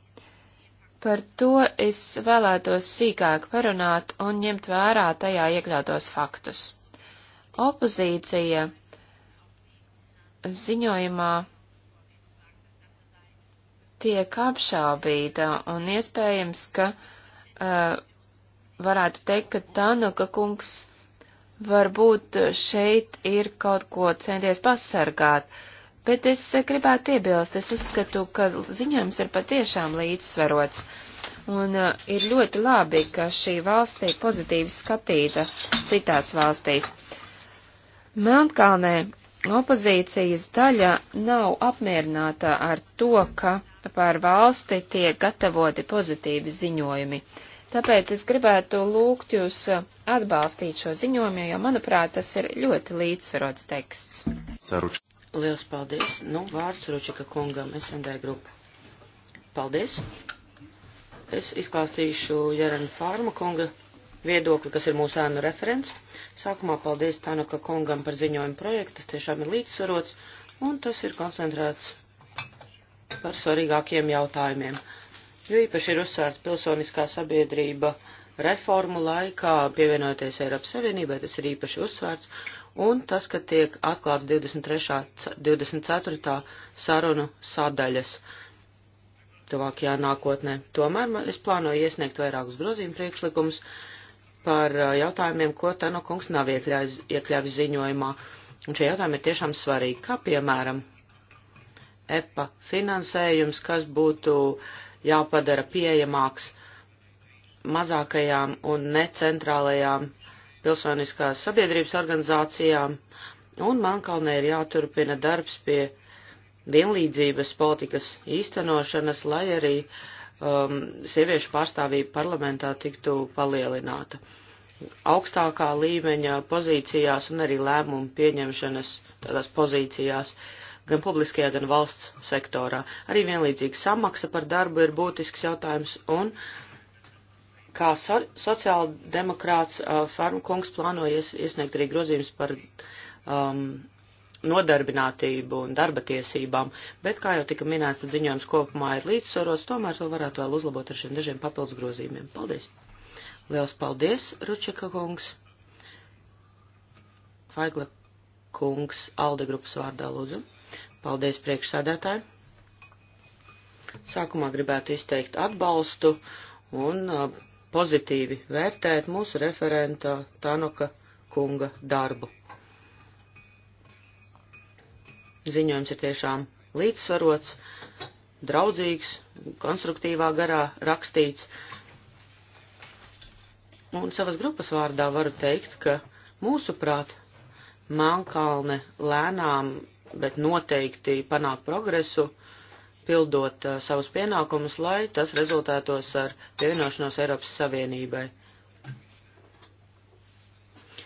S2: Par to es vēlētos sīkāk parunāt un ņemt vērā tajā iekļautos faktus. Opozīcija ziņojumā tiek apšaubīta un iespējams, ka uh, varētu teikt, ka Tanuka kungs varbūt šeit ir kaut ko centies pasargāt. Uh, Bet es eh, gribētu iebilst, es uzskatu, ka ziņojums ir patiešām līdzsvarots. Un uh, ir ļoti labi, ka šī valstī pozitīvi skatīta citās valstīs. Melnkalnē opozīcijas daļa nav apmierināta ar to, ka par valsti tiek gatavoti pozitīvi ziņojumi. Tāpēc es gribētu lūgt jūs eh, atbalstīt šo ziņojumu, jo, manuprāt, tas ir ļoti līdzsvarots teksts.
S1: Saruč.
S4: Liels paldies. Nu, vārds Ručika kungam, SND grupa. Paldies. Es izklāstīšu Jerena Fārma kunga viedokli, kas ir mūsu ēnu referents. Sākumā paldies Tanaka kungam par ziņojumu projektu, tas tiešām ir līdzsvarots, un tas ir koncentrēts par svarīgākiem jautājumiem. Jo īpaši ir uzsvērts pilsoniskā sabiedrība reformu laikā, pievienoties Eiropas Savienībai, tas ir īpaši uzsvērts, un tas, ka tiek atklāts 23. 24. sarunu sadaļas tuvākajā nākotnē. Tomēr es plānoju iesniegt vairākus grozījumu priekšlikumus par uh, jautājumiem, ko Tano kungs nav iekļāvis ziņojumā. Un šie jautājumi ir tiešām svarīgi, kā piemēram EPA finansējums, kas būtu jāpadara pieejamāks mazākajām un necentrālajām pilsoniskās sabiedrības organizācijām, un Mankalnē ir jāturpina darbs pie vienlīdzības politikas īstenošanas, lai arī um, sieviešu pārstāvība parlamentā tiktu palielināta augstākā līmeņa pozīcijās un arī lēmumu pieņemšanas tādās pozīcijās, gan publiskajā, gan valsts sektorā. Arī vienlīdzīga samaksa par darbu ir būtisks jautājums, un kā so, sociāldemokrāts uh, Farmkungs plāno ies, iesniegt arī grozījums par um, nodarbinātību un darba tiesībām, bet, kā jau tika minēts, tad ziņojums kopumā ir līdzsvaros, tomēr to varētu vēl uzlabot ar šiem dažiem papildus grozījumiem. Paldies! Liels paldies, Ručeka kungs! Faigla kungs, Alde grupas vārdā lūdzu. Paldies priekšsēdētāji! Sākumā gribētu izteikt atbalstu un uh, pozitīvi vērtēt mūsu referenta Tanoka kunga darbu. Ziņojums ir tiešām līdzsvarots, draudzīgs, konstruktīvā garā rakstīts. Un savas grupas vārdā varu teikt, ka mūsuprāt, Melnkalne lēnām, bet noteikti panāk progresu uh, pildot uh, savus pienākumus, lai tas rezultētos ar pievienošanos Eiropas Savienībai.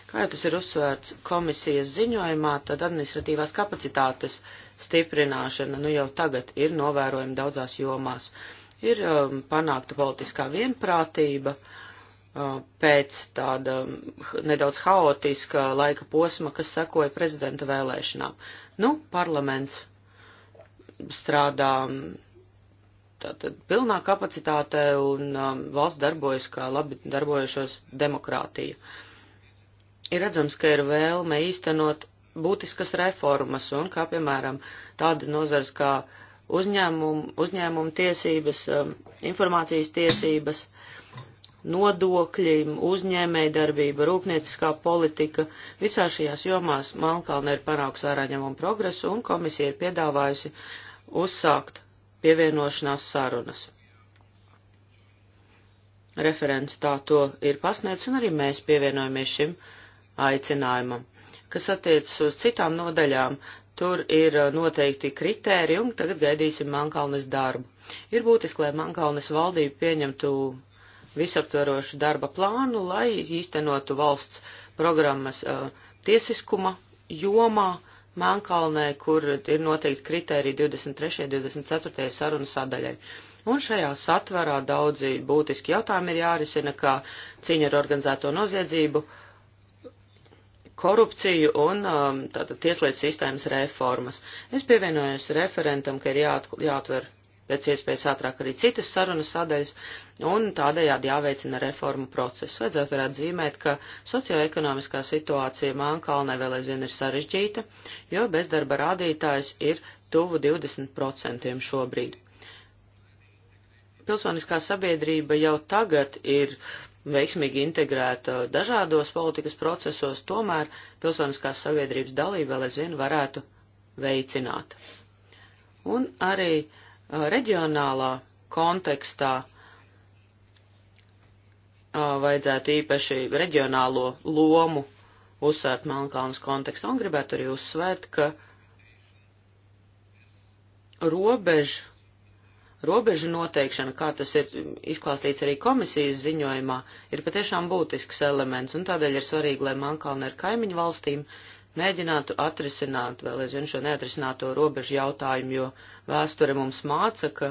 S4: Kā jau tas ir uzsvērts komisijas ziņojumā, tad administratīvās kapacitātes stiprināšana nu jau tagad ir novērojama daudzās jomās. Ir um, panākta politiskā vienprātība uh, pēc tāda nedaudz haotiska laika posma, kas sekoja prezidenta vēlēšanām. Nu, parlaments strādā tātad pilnā kapacitātē un um, valsts darbojas kā labi darbojušos demokrātija. Ir redzams, ka ir vēlme īstenot būtiskas reformas un kā, piemēram, tāda nozars kā uzņēmumu, uzņēmumu tiesības, um, informācijas tiesības, nodokļi, uzņēmēja darbība, rūpnieciskā politika. Visā šajās jomās Malkalna ir panāks vērā ņemumu progresu un komisija ir piedāvājusi uh, uzsākt pievienošanās sarunas. Referents tā to ir pasniedz, un arī mēs pievienojamies šim aicinājumam. Kas attiecas uz citām nodaļām, tur ir uh, noteikti kritēri, un tagad gaidīsim Mankalnes darbu. Ir būtiski, lai Mankalnes valdība pieņemtu visaptvarošu darba plānu, lai īstenotu valsts programmas uh, tiesiskuma jomā, uh, Mānkalnē, kur ir noteikti kriteriji 23. un 24. sarunu sadaļai. Un šajā satverā daudzi būtiski jautājumi ir jārisina, kā cīņa ar organizēto noziedzību, korupciju un um, tieslietu sistēmas reformas. Es pievienojos referentam, ka ir jāat, jāatver pēc iespējas ātrāk arī citas sarunas sadaļas, un tādējādi jāveicina reformu procesu. Vajadzētu varētu zīmēt, ka socioekonomiskā situācija Mānkalnē vēl aizvien ir sarežģīta, jo bezdarba rādītājs ir tuvu 20% šobrīd. Pilsoniskā sabiedrība jau tagad ir veiksmīgi integrēta dažādos politikas procesos, tomēr pilsoniskās sabiedrības dalība vēl aizvien varētu veicināt. Un arī uh, Uh, reģionālā kontekstā uh, vajadzētu īpaši reģionālo lomu uzsvērt Melnkalnas kontekstā un gribētu arī uzsvērt, ka robežu, robežu noteikšana, kā tas ir izklāstīts arī komisijas ziņojumā, ir patiešām būtisks elements un tādēļ ir svarīgi, lai Melnkalna ar kaimiņu valstīm uh, mēģinātu atrisināt vēl aizvien šo neatrisināto robežu jautājumu, jo vēsture mums māca, ka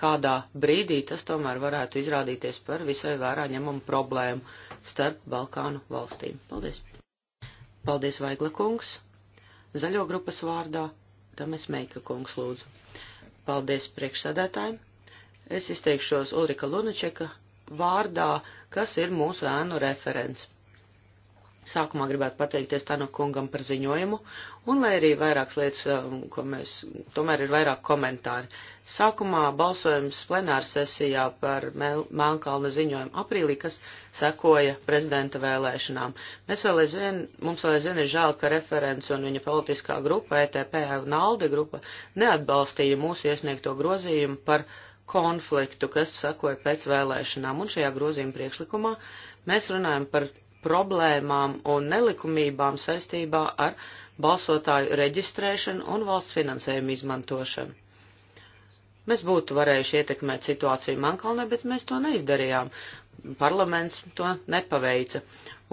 S4: kādā brīdī tas tomēr varētu izrādīties par visai vērā ņemumu problēmu starp Balkānu valstīm. Paldies! Paldies, Vaigla kungs! Zaļo grupas vārdā Tames Meika kungs lūdzu. Paldies priekšsēdētājiem! Es izteikšos Ulrika Lunačeka vārdā, kas ir mūsu ēnu referents. Sākumā gribētu pateikties Tanu kungam par ziņojumu, un lai arī vairākas lietas, eh, ko mēs, tomēr ir vairāk komentāri. Sākumā balsojums plenāra sesijā par Melnkalna ziņojumu aprīlī, kas sekoja prezidenta vēlēšanām. Mēs vēl aizvien, mums vēl aizvien ir žēl, ka referents un viņa politiskā grupa, ETP un ALDE grupa, neatbalstīja mūsu iesniegto grozījumu par konfliktu, kas sekoja pēc vēlēšanām, un šajā grozījuma priekšlikumā mēs runājam par problēmām un nelikumībām saistībā ar balsotāju reģistrēšanu un valsts finansējumu izmantošanu. Mēs būtu varējuši ietekmēt situāciju Mankalnē, bet mēs to neizdarījām. Parlaments to nepaveica.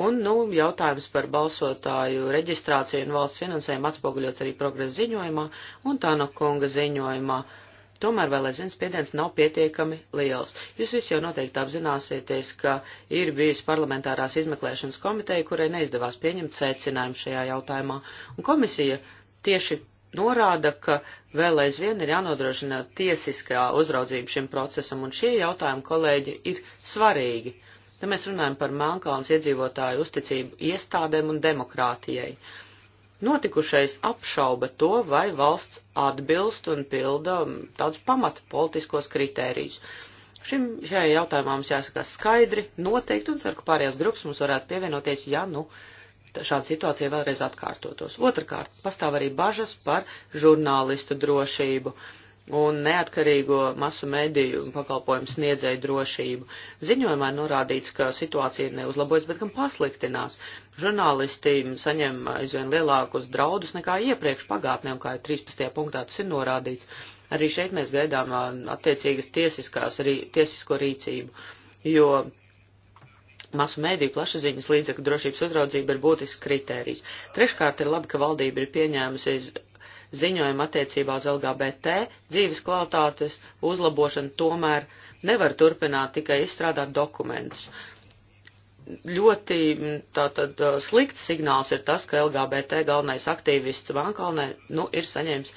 S4: Un, nu, jautājums par balsotāju reģistrāciju un valsts finansējumu atspoguļots arī progresa ziņojumā un Tāno kunga ziņojumā. Uh, Tomēr vēl aizvien spiediens nav pietiekami liels. Jūs visi jau noteikti apzināsieties, ka ir bijusi parlamentārās izmeklēšanas komiteja, kurai neizdevās pieņemt secinājumu šajā jautājumā, un komisija tieši norāda, ka vēl aizvien ir jānodrošina tiesiskā uzraudzība šim procesam, un šie jautājumi, kolēģi, ir svarīgi. Te mēs runājam par Melnkalnas iedzīvotāju uzticību iestādēm un demokrātijai. Uh, Notikušais apšauba to, vai valsts atbilst un pilda tādus pamata politiskos kritērijus. Šim šajā jautājumā mums jāsakās skaidri, noteikti, un ceru, ka pārējās grupas mums varētu pievienoties, ja nu šāda situācija vēlreiz atkārtotos. Otrakārt, pastāv arī bažas par žurnālistu drošību. Uh, un neatkarīgo masu mediju pakalpojumu sniedzēju drošību. Ziņojumā ir norādīts, ka situācija ir neuzlabojas, bet gan pasliktinās. Žurnālisti saņem aizvien lielākus draudus nekā iepriekš pagātnē, un kā ir 13. punktā tas ir norādīts. Arī šeit mēs gaidām attiecīgas tiesiskās, rī, tiesisko rīcību, jo masu mēdīju plašsaziņas līdzekļu drošības uzraudzība ir būtisks kritērijs. Treškārt ir labi, ka valdība ir pieņēmusi ziņojumu attiecībā uz LGBT, dzīves kvalitātes uzlabošana tomēr nevar turpināt tikai izstrādāt dokumentus. Ļoti mm, tātad slikts signāls ir tas, ka LGBT galvenais aktīvists Vankalnē, nu, ir saņēmis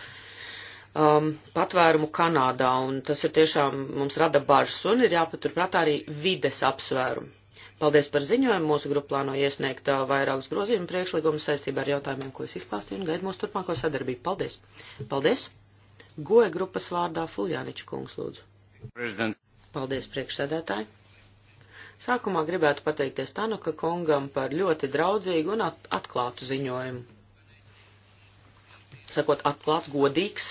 S4: um, patvērumu Kanādā, un tas ir tiešām mums rada bažas, un ir jāpaturprāt arī vides apsvērumi Paldies par ziņojumu. Mūsu grupa plāno iesniegt uh, vairākus grozījumu priekšlikumus saistībā ar jautājumiem, ko es izklāstīju, un gaidu mūsu turpmāko sadarbību. Paldies! Paldies! Goja grupas vārdā Fuljāniča kungs lūdzu. President. Paldies, priekšsēdētāji! Sākumā gribētu pateikties Tanuka kungam par ļoti draudzīgu un at atklātu ziņojumu. Sakot, atklāts, godīgs.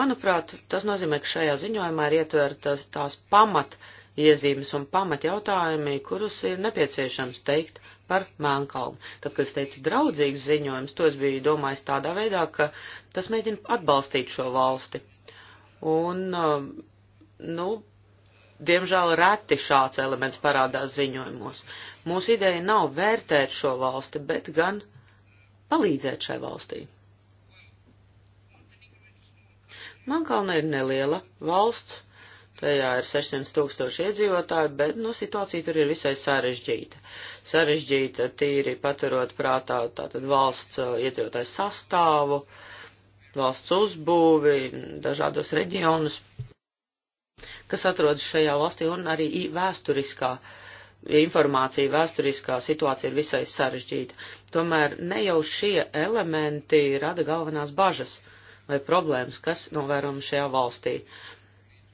S4: Manuprāt, tas nozīmē, ka šajā ziņojumā ir ietvertas tās pamat iezīmes un pamatjautājumi, kurus ir nepieciešams teikt par Melnkalnu. Tad, kad es teicu draudzīgs ziņojums, tos biju domājis tādā veidā, ka tas mēģina atbalstīt šo valsti. Un, um, nu, diemžēl reti šāds elements parādās ziņojumos. Mūsu ideja nav vērtēt šo valsti, bet gan palīdzēt šai valstī. Melnkalna ir neliela valsts Tajā ir 600 tūkstoši iedzīvotāji, bet, nu, situācija tur ir visai sarežģīta. Sarežģīta tīri paturot prātā tātad valsts uh, iedzīvotāju sastāvu, valsts uzbūvi, dažādos reģionus, kas atrodas šajā valstī, un arī vēsturiskā informācija, vēsturiskā situācija ir visai sarežģīta. Tomēr ne jau šie elementi rada galvenās bažas vai problēmas, kas novērojami šajā valstī.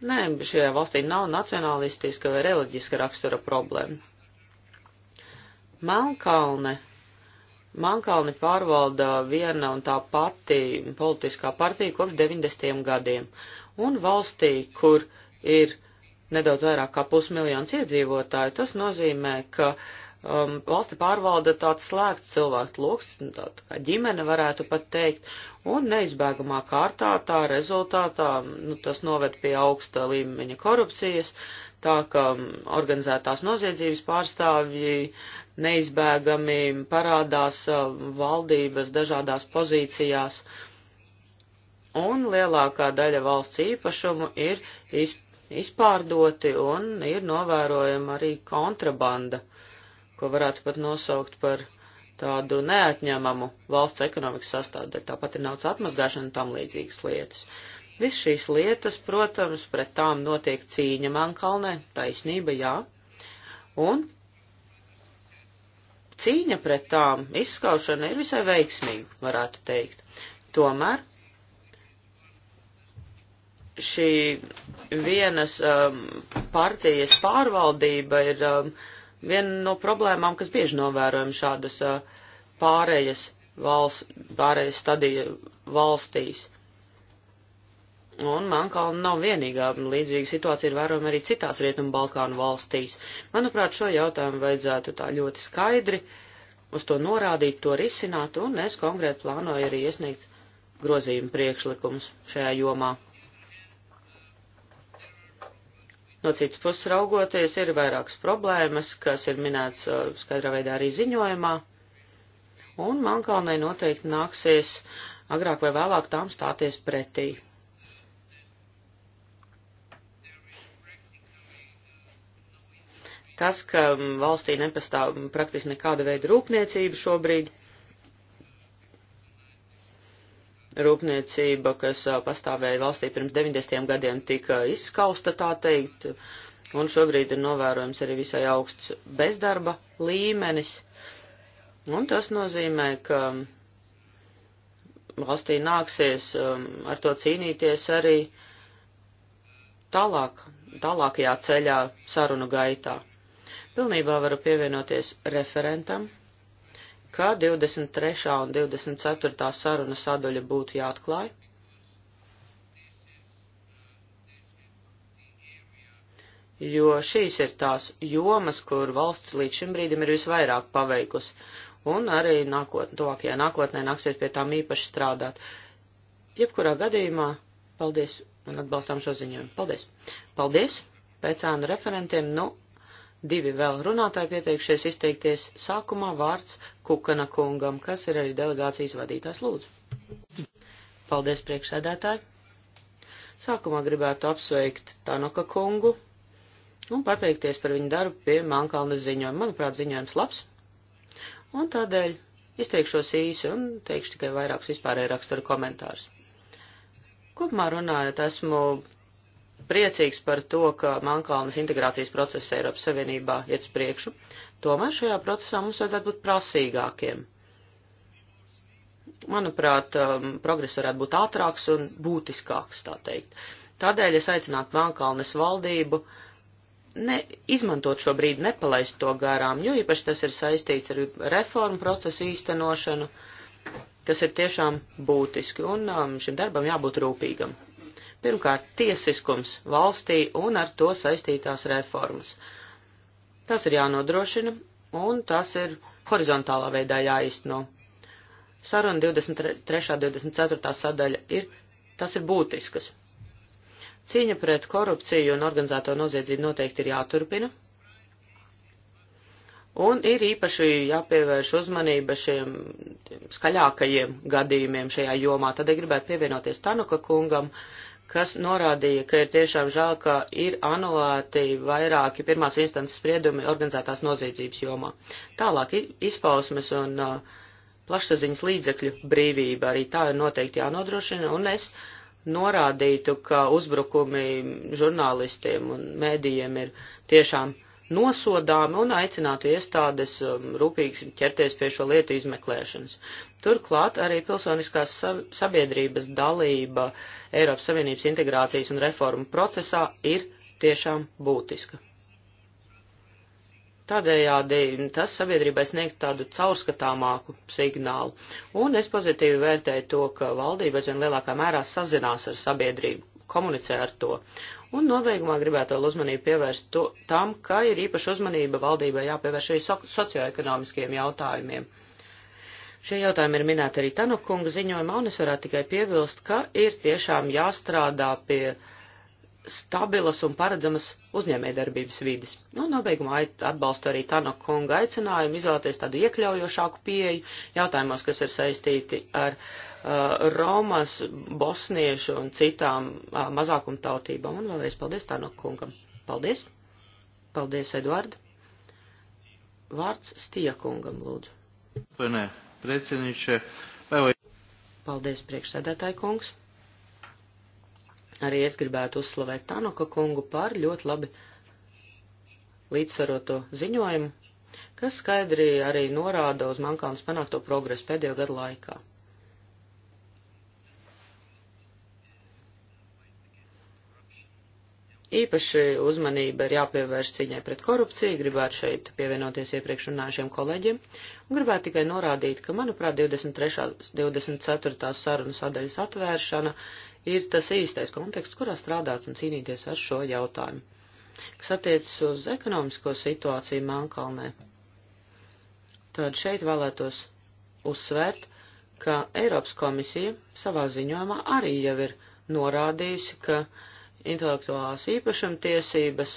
S4: Nē, šajā valstī nav nacionalistiska vai reliģiska rakstura problēma. Melnkalne. Melnkalni pārvalda viena un tā pati politiskā partija kopš 90. gadiem. Un valstī, kur ir nedaudz vairāk kā pusmiljons iedzīvotāju, tas nozīmē, ka uh, um, valsti pārvalda tāds slēgts cilvēku loks, tā, tā kā ģimene varētu pat teikt, un neizbēgamā kārtā tā rezultātā nu, tas noved pie augsta līmeņa korupcijas, tā ka um, organizētās noziedzības pārstāvji neizbēgami parādās um, valdības dažādās pozīcijās, un lielākā daļa valsts īpašumu ir izpildīta izpārdoti un ir novērojama arī kontrabanda ko varētu pat nosaukt par tādu neatņemamu valsts ekonomikas sastāvdaļu. Tāpat ir naudas atmazgāšana un tam līdzīgas lietas. Viss šīs lietas, protams, pret tām notiek cīņa Mankalnē, taisnība, jā. Un cīņa pret tām, izskaušana ir visai veiksmīga, varētu teikt. Tomēr šī vienas um, partijas pārvaldība ir um, Viena no problēmām, kas bieži novērojam šādas pārējas, valsts, pārējas stadiju valstīs. Un Mankalna nav vienīgā līdzīga situācija ir vērojama arī citās Rietumu Balkānu valstīs. Manuprāt, šo jautājumu vajadzētu tā ļoti skaidri uz to norādīt, to risināt, un es konkrēti plānoju arī iesniegt grozījumu priekšlikums šajā jomā. No citas puses raugoties, ir vairākas problēmas, kas ir minēts uh, skaidrā veidā arī ziņojumā, un Mankalnai noteikti nāksies agrāk vai vēlāk tām stāties pretī. Tas, ka valstī nepastāv praktiski nekāda veida rūpniecība šobrīd, rūpniecība, kas pastāvēja valstī pirms 90 gadiem, tika izskausta, tā teikt, un šobrīd ir novērojams arī visai augsts bezdarba līmenis. Un tas nozīmē, ka valstī nāksies ar to cīnīties arī tālāk, tālākajā ceļā sarunu gaitā. Pilnībā varu pievienoties referentam ka 23. un 24. saruna sadaļa būtu jāatklāj. Jo šīs ir tās jomas, kur valsts līdz šim brīdim ir visvairāk paveikusi, un arī nākotnē, tuvākajā nākotnē nāksiet pie tām īpaši strādāt. Jebkurā gadījumā, paldies un atbalstām šo ziņojumu. Paldies! Paldies! Pēc ānu referentiem, nu, Divi vēl runātāji pieteikšies izteikties sākumā vārds Kukana kungam, kas ir arī delegācijas vadītājs lūdzu. Paldies priekšsēdētāji. Sākumā gribētu apsveikt Tanoka kungu un pateikties par viņu darbu pie Mankalnes ziņojuma. Manuprāt, ziņojums labs. Un tādēļ izteikšos īsi un teikšu tikai vairākus vispārēju raksturu komentārus. Kopumā runājot, esmu priecīgs par to, ka Mankalnas integrācijas process Eiropas Savienībā iet uz priekšu. Tomēr šajā procesā mums vajadzētu būt prasīgākiem. Manuprāt, um, progress varētu būt ātrāks un būtiskāks, tā teikt. Tādēļ es aicinātu Mankalnes valdību ne, izmantot šo brīdi, nepalaist to garām, jo īpaši tas ir saistīts ar reformu procesu īstenošanu, kas ir tiešām būtiski, un um, šim darbam jābūt rūpīgam. Pirmkārt, tiesiskums valstī un ar to saistītās reformas. Tas ir jānodrošina, un tas ir horizontālā veidā jāizno. Saruna 23. 24. sadaļa ir, tas ir būtiskas. Cīņa pret korupciju un organizēto noziedzību noteikti ir jāturpina, un ir īpaši jāpievērš uzmanība šiem skaļākajiem gadījumiem šajā jomā. Tad gribētu pievienoties Tanuka kungam, uh, kas norādīja, ka ir tiešām žēl, ka ir anulēti vairāki pirmās instances spriedumi organizētās noziedzības jomā. Tālāk izpausmes un uh, plašsaziņas līdzekļu brīvība arī tā ir noteikti jānodrošina, un es norādītu, ka uzbrukumi žurnālistiem un mēdījiem ir tiešām nosodāmi un aicinātu iestādes um, rūpīgi ķerties pie šo lietu izmeklēšanas. Turklāt arī pilsoniskās sabiedrības dalība Eiropas Savienības integrācijas un reformu procesā ir tiešām būtiska. Tādējādi tas sabiedrībai sniegt tādu caurskatāmāku signālu. Un es pozitīvi vērtēju to, ka valdība aizvien lielākā mērā sazinās ar sabiedrību, komunicē ar to. Un nobeigumā gribētu vēl uzmanību pievērst to, tam, ka ir īpaša uzmanība valdībai jāpievērš arī so, socioekonomiskiem jautājumiem. Šie jautājumi ir minēti arī Tanukunga ziņojumā, un es varētu tikai piebilst, ka ir tiešām jāstrādā pie uh, stabilas un paredzamas uzņēmējdarbības vides. Nu, nobeigumā atbalstu arī Tano Konga aicinājumu izvēlēties tādu iekļaujošāku pieeju jautājumos, kas ir saistīti ar uh, Romas, bosniešu un citām uh, mazākumtautībām. Un vēlreiz paldies Tano Kungam. Paldies. Paldies, Eduard. Vārds Stiekungam, lūdzu. Paldies, priekšsēdētāji kungs. Arī es gribētu uzslavēt Tanoka kungu par ļoti labi līdzsvaroto ziņojumu, kas skaidri arī norāda uz Mankānas panākto progresu pēdējo gadu laikā. Īpaši uzmanība ir jāpievērš cīņai pret korupciju, gribētu šeit pievienoties iepriekš runājušiem kolēģiem, un gribētu tikai norādīt, ka, manuprāt, 23. 24. sarunu sadaļas atvēršana ir tas īstais konteksts, kurā strādāt un cīnīties ar šo jautājumu. Kas attiecas uz ekonomisko situāciju Melnkalnē, tad šeit vēlētos uzsvērt, ka Eiropas komisija savā ziņojumā arī jau ir norādījusi, ka intelektuālās īpašuma tiesības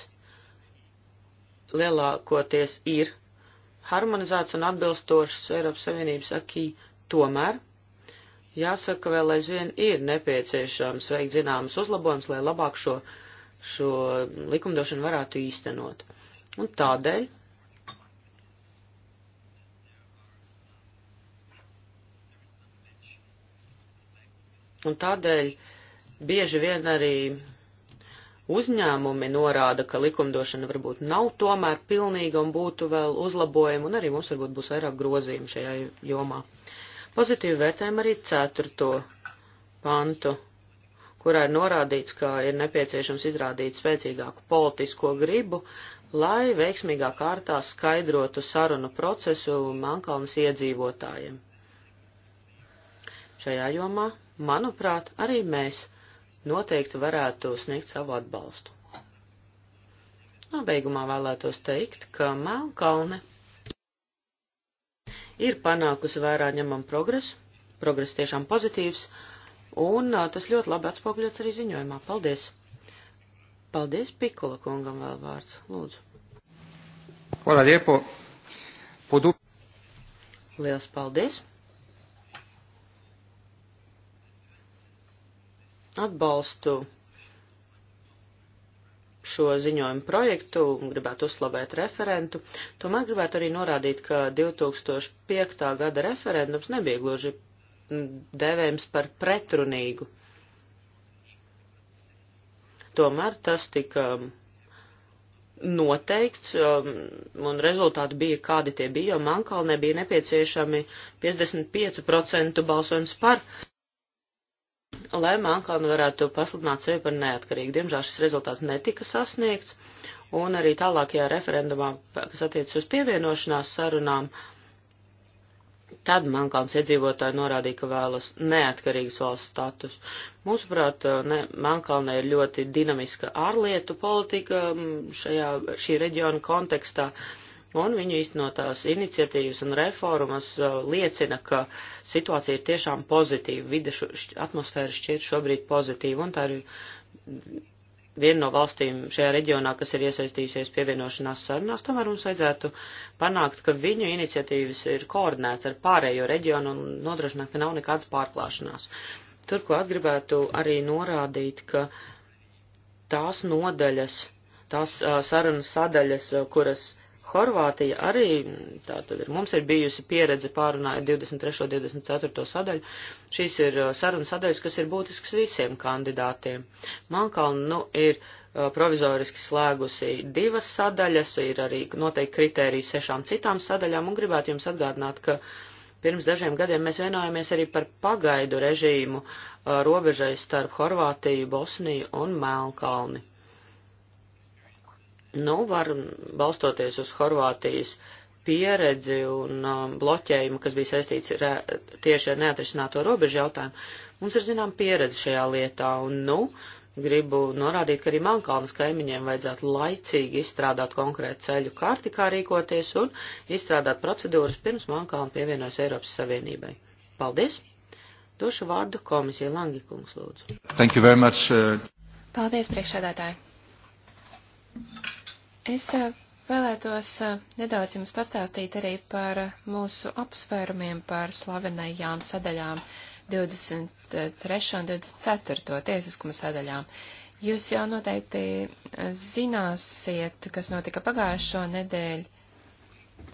S4: lielākoties ir harmonizēts un atbilstošs Eiropas Savienības akī, tomēr jāsaka vēl aizvien ir nepieciešams veikt zināmas uzlabojums, lai labāk šo, šo likumdošanu varētu īstenot. Un tādēļ Un tādēļ bieži vien arī uzņēmumi norāda, ka likumdošana varbūt nav tomēr pilnīga un būtu vēl uzlabojumi, un arī mums varbūt būs vairāk grozījumi šajā jomā. Pozitīvi vērtējam arī ceturto pantu, kurā ir norādīts, ka ir nepieciešams izrādīt spēcīgāku politisko gribu, lai veiksmīgā kārtā skaidrotu sarunu procesu Mankalnas iedzīvotājiem. Šajā jomā, manuprāt, arī mēs noteikti varētu sniegt savu atbalstu. Nobeigumā vēlētos teikt, ka Melnkalne ir panākusi vērā ņemam progresu, progress tiešām pozitīvs, un tas ļoti labi atspogļots arī ziņojumā. Paldies! Paldies Pikula kungam vēl vārds, lūdzu. Hvala lijepo. Podu... Liels paldies! Atbalstu šo ziņojumu projektu, gribētu uzslavēt referentu. Tomēr gribētu arī norādīt, ka 2005. gada referendums nebija gluži devējams par pretrunīgu. Tomēr tas tika noteikts, um, un rezultāti bija, kādi tie bija, jo Mankalnē bija nepieciešami 55% balsojums par lai Melnkalna varētu pasludināt sevi par neatkarīgu. Diemžēl šis rezultāts netika sasniegts, un arī tālākajā referendumā, kas attiecas uz pievienošanās sarunām, tad Melnkalns iedzīvotāji norādīja, ka vēlas neatkarīgas valsts status. Mūsuprāt, ne, Melnkalnē ir ļoti dinamiska ārlietu politika šajā, šī reģiona kontekstā. Uh, Un viņu īstenotās iniciatīvas un reformas uh, liecina, ka situācija ir tiešām pozitīva, vide šķ atmosfēra šķiet šobrīd pozitīva, un tā ir viena no valstīm šajā reģionā, kas ir iesaistījusies pievienošanās sarunās, tomēr mums vajadzētu panākt, ka viņu iniciatīvas ir koordinēts ar pārējo reģionu un nodrošināt, ka nav nekādas pārklāšanās. Turklāt gribētu arī norādīt, ka tās nodaļas, tās uh, sarunas sadaļas, uh, kuras Horvātija arī, tātad ir, mums ir bijusi pieredze pārunājot 23. un 24. sadaļu. Šīs ir uh, saruna sadaļas, kas ir būtisks visiem kandidātiem. Mankalna, nu, ir uh, provizoriski slēgusi divas sadaļas, ir arī noteikti kriteriji sešām citām sadaļām, un gribētu jums atgādināt, ka pirms dažiem gadiem mēs vienojāmies arī par pagaidu režīmu uh, robežai starp Horvātiju, Bosniju un Melnkalni nu, var balstoties uz Horvātijas pieredzi un um, bloķējumu, kas bija saistīts re, uh, tieši ar neatrisināto robežu jautājumu, mums ir zinām pieredze šajā lietā, un, nu, gribu norādīt, ka arī Mankalnas kaimiņiem vajadzētu laicīgi izstrādāt konkrētu ceļu karti, kā rīkoties, un izstrādāt procedūras pirms Mankalna pievienojas Eiropas Savienībai. Paldies! Došu vārdu komisija Langikungs, lūdzu.
S1: Thank you very much. Uh...
S2: Paldies, priekšsēdētāji. Es eh, vēlētos eh, nedaudz jums pastāstīt arī par eh, mūsu apsvērumiem par slavenajām sadaļām 23. un 24. tiesiskuma sadaļām. Jūs jau noteikti zināsiet, kas notika pagājušo nedēļu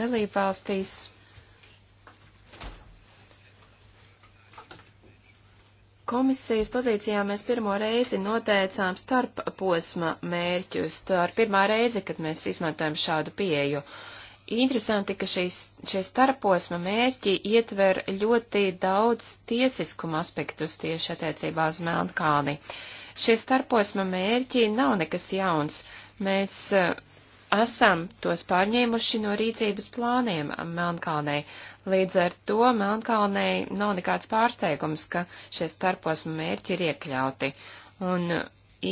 S2: dalībvalstīs Komisijas pozīcijā mēs pirmo reizi noteicām starp posma mērķus. Tā ir pirmā reize, kad mēs izmantojam šādu pieeju. Interesanti, ka šīs, šie starposma mērķi ietver ļoti daudz tiesiskuma aspektus tieši attiecībā uz Melnkalni. Šie starposma mērķi nav nekas jauns. Mēs eh, esam tos pārņēmuši no rīcības plāniem Melnkalnei, Līdz ar to Melnkalnei nav nekāds pārsteigums, ka šie starposma mērķi ir iekļauti. Un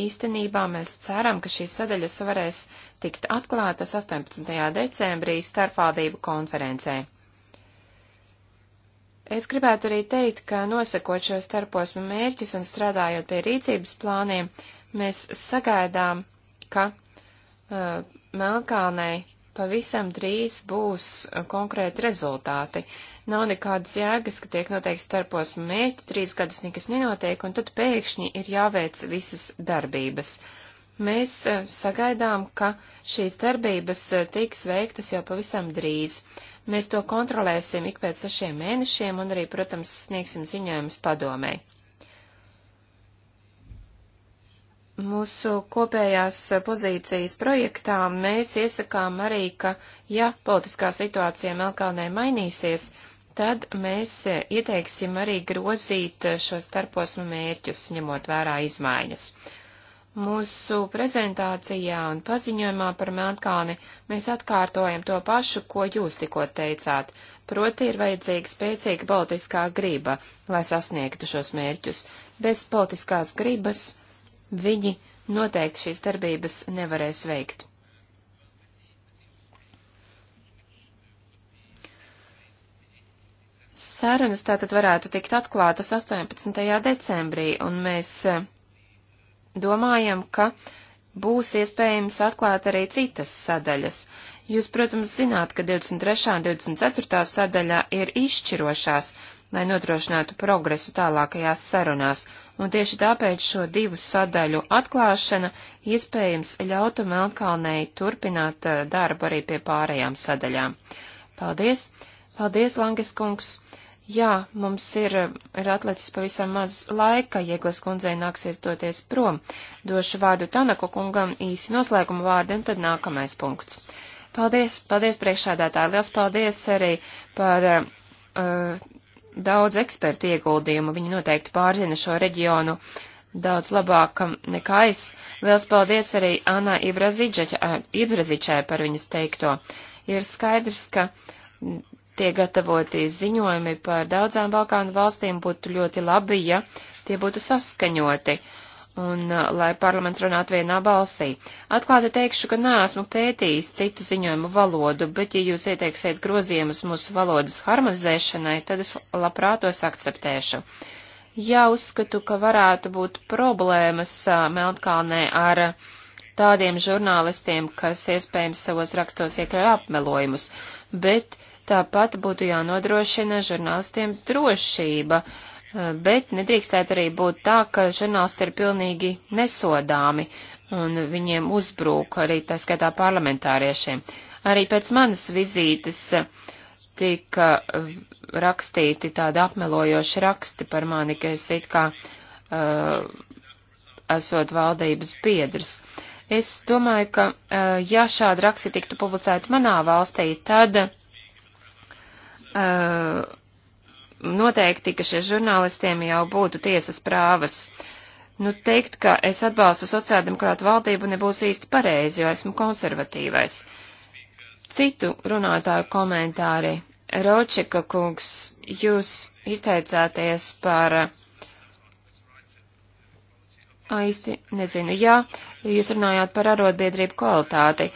S2: īstenībā mēs ceram, ka šīs sadaļas varēs tikt atklātas 18. decembrī starpvaldību konferencē. Es gribētu arī teikt, ka nosakot šo starposmu mērķus un strādājot pie rīcības plāniem, mēs sagaidām, ka uh, Melnkalnei pavisam drīz būs uh, konkrēti rezultāti. Nav nekādas jēgas, ka tiek noteikts starposmu mērķi, trīs gadus nekas nenotiek, un tad pēkšņi ir jāveic visas darbības. Mēs uh, sagaidām, ka šīs darbības uh, tiks veiktas jau pavisam drīz. Mēs to kontrolēsim ik pēc sešiem mēnešiem un arī, protams, sniegsim ziņojumus padomēji. Mūsu kopējās pozīcijas projektā mēs iesakām arī, ka ja politiskā situācija Melkalnē mainīsies, tad mēs eh, ieteiksim arī grozīt eh, šo starposmu mērķus, ņemot vērā izmaiņas. Mūsu prezentācijā un paziņojumā par Melkāni mēs atkārtojam to pašu, ko jūs tikko teicāt, proti ir vajadzīga spēcīga politiskā griba, lai sasniegtu šos mērķus. Bez politiskās gribas viņi noteikti šīs darbības nevarēs veikt. Sērunas tātad varētu tikt atklātas 18. decembrī, un mēs eh, domājam, ka būs iespējams atklāt arī citas sadaļas. Jūs, protams, zināt, ka 23. un 24. sadaļā ir izšķirošās, lai nodrošinātu progresu tālākajās sarunās, un tieši tāpēc šo divu sadaļu atklāšana iespējams ļautu Melnkalnei turpināt eh, darbu arī pie pārējām sadaļām. Paldies! Paldies, Langes kungs! Jā, mums ir, ir atlicis pavisam maz laika, Jēglas kundzei nāksies doties prom. Došu vārdu Tanako kungam īsi noslēguma vārdu, un tad nākamais punkts. Paldies, paldies priekšādātāji, liels paldies arī par uh, daudz ekspertu ieguldījumu, viņi noteikti pārzina šo reģionu daudz labāk nekā es. Liels paldies arī Anā Ibrazičai par viņas teikto. Ir skaidrs, ka tiek gatavoti ziņojumi par daudzām Balkānu valstīm būtu ļoti labi, ja tie būtu saskaņoti. Uh, un uh, lai parlaments runātu vienā balsī. Atklāti teikšu, ka neesmu pētījis citu ziņojumu valodu, bet ja jūs ieteiksiet grozījumus mūsu valodas harmonizēšanai, tad es labprāt tos akceptēšu. Ja uzskatu, ka varētu būt problēmas uh, Melnkalnē ar tādiem žurnālistiem, kas iespējams savos rakstos iekļauj apmelojumus, bet tāpat būtu jānodrošina žurnālistiem drošība. Uh, bet nedrīkstētu arī būt tā, ka žurnālisti ir pilnīgi nesodāmi un viņiem uzbrūk arī tā skaitā parlamentāriešiem. Arī pēc manas vizītes tika rakstīti tādi apmelojoši raksti par mani, ka es it kā uh, esot valdības biedrs. Es domāju, ka uh, ja šādi raksti tiktu publicēti manā valstī, tad uh, noteikti, ka šie žurnālistiem jau būtu tiesas prāvas. Nu, teikt, ka es atbalstu sociāldemokrātu valdību nebūs īsti pareizi, jo esmu konservatīvais. Citu runātāju komentāri. Ročika kungs, jūs izteicāties par. A, īsti nezinu. Jā, jūs runājāt par arotbiedrību kvalitāti.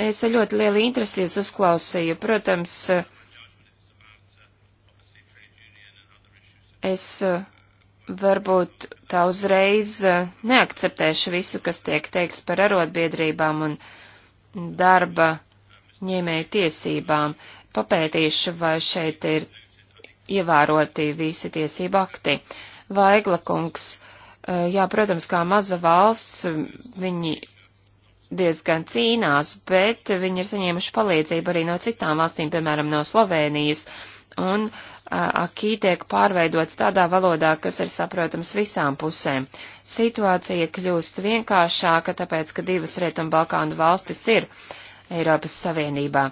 S2: Es ļoti lielu interesi jūs uzklausīju. Protams, uh, Es eh, varbūt tā uzreiz eh, neakceptēšu visu, kas tiek teikts par arotbiedrībām un darba ņēmēju tiesībām. Papētīšu, vai šeit ir ievēroti visi tiesību akti. Vaigla kungs, eh, jā, protams, kā maza valsts, viņi diezgan cīnās, bet viņi ir saņēmuši palīdzību arī no citām valstīm, piemēram, no Slovēnijas. Uh, un akī tiek pārveidots tādā valodā, kas ir saprotams visām pusēm. Situācija kļūst vienkāršāka, tāpēc, ka divas Rietumbalkānu valstis ir Eiropas Savienībā.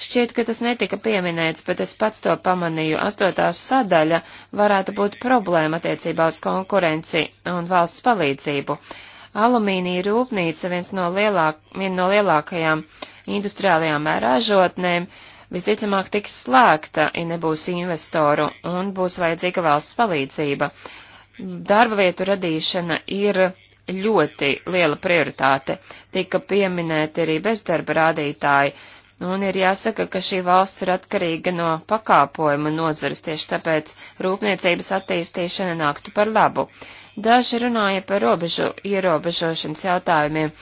S2: Šķiet, ka tas netika pieminēts, bet es pats to pamanīju. Astotā sadaļa varētu būt problēma attiecībā uz konkurenci un valsts palīdzību. Alumīnija rūpnīca viens no lielāk, viena no lielākajām industriālajām ražotnēm uh, visticamāk tiks slēgta, ja nebūs investoru un būs vajadzīga valsts palīdzība. Darba vietu radīšana ir ļoti liela prioritāte. Tika pieminēti arī bezdarba rādītāji. Un ir jāsaka, ka šī valsts ir atkarīga no pakāpojuma nozares, tieši tāpēc rūpniecības attīstīšana nāktu par labu. Daži runāja par robežu ierobežošanas jautājumiem,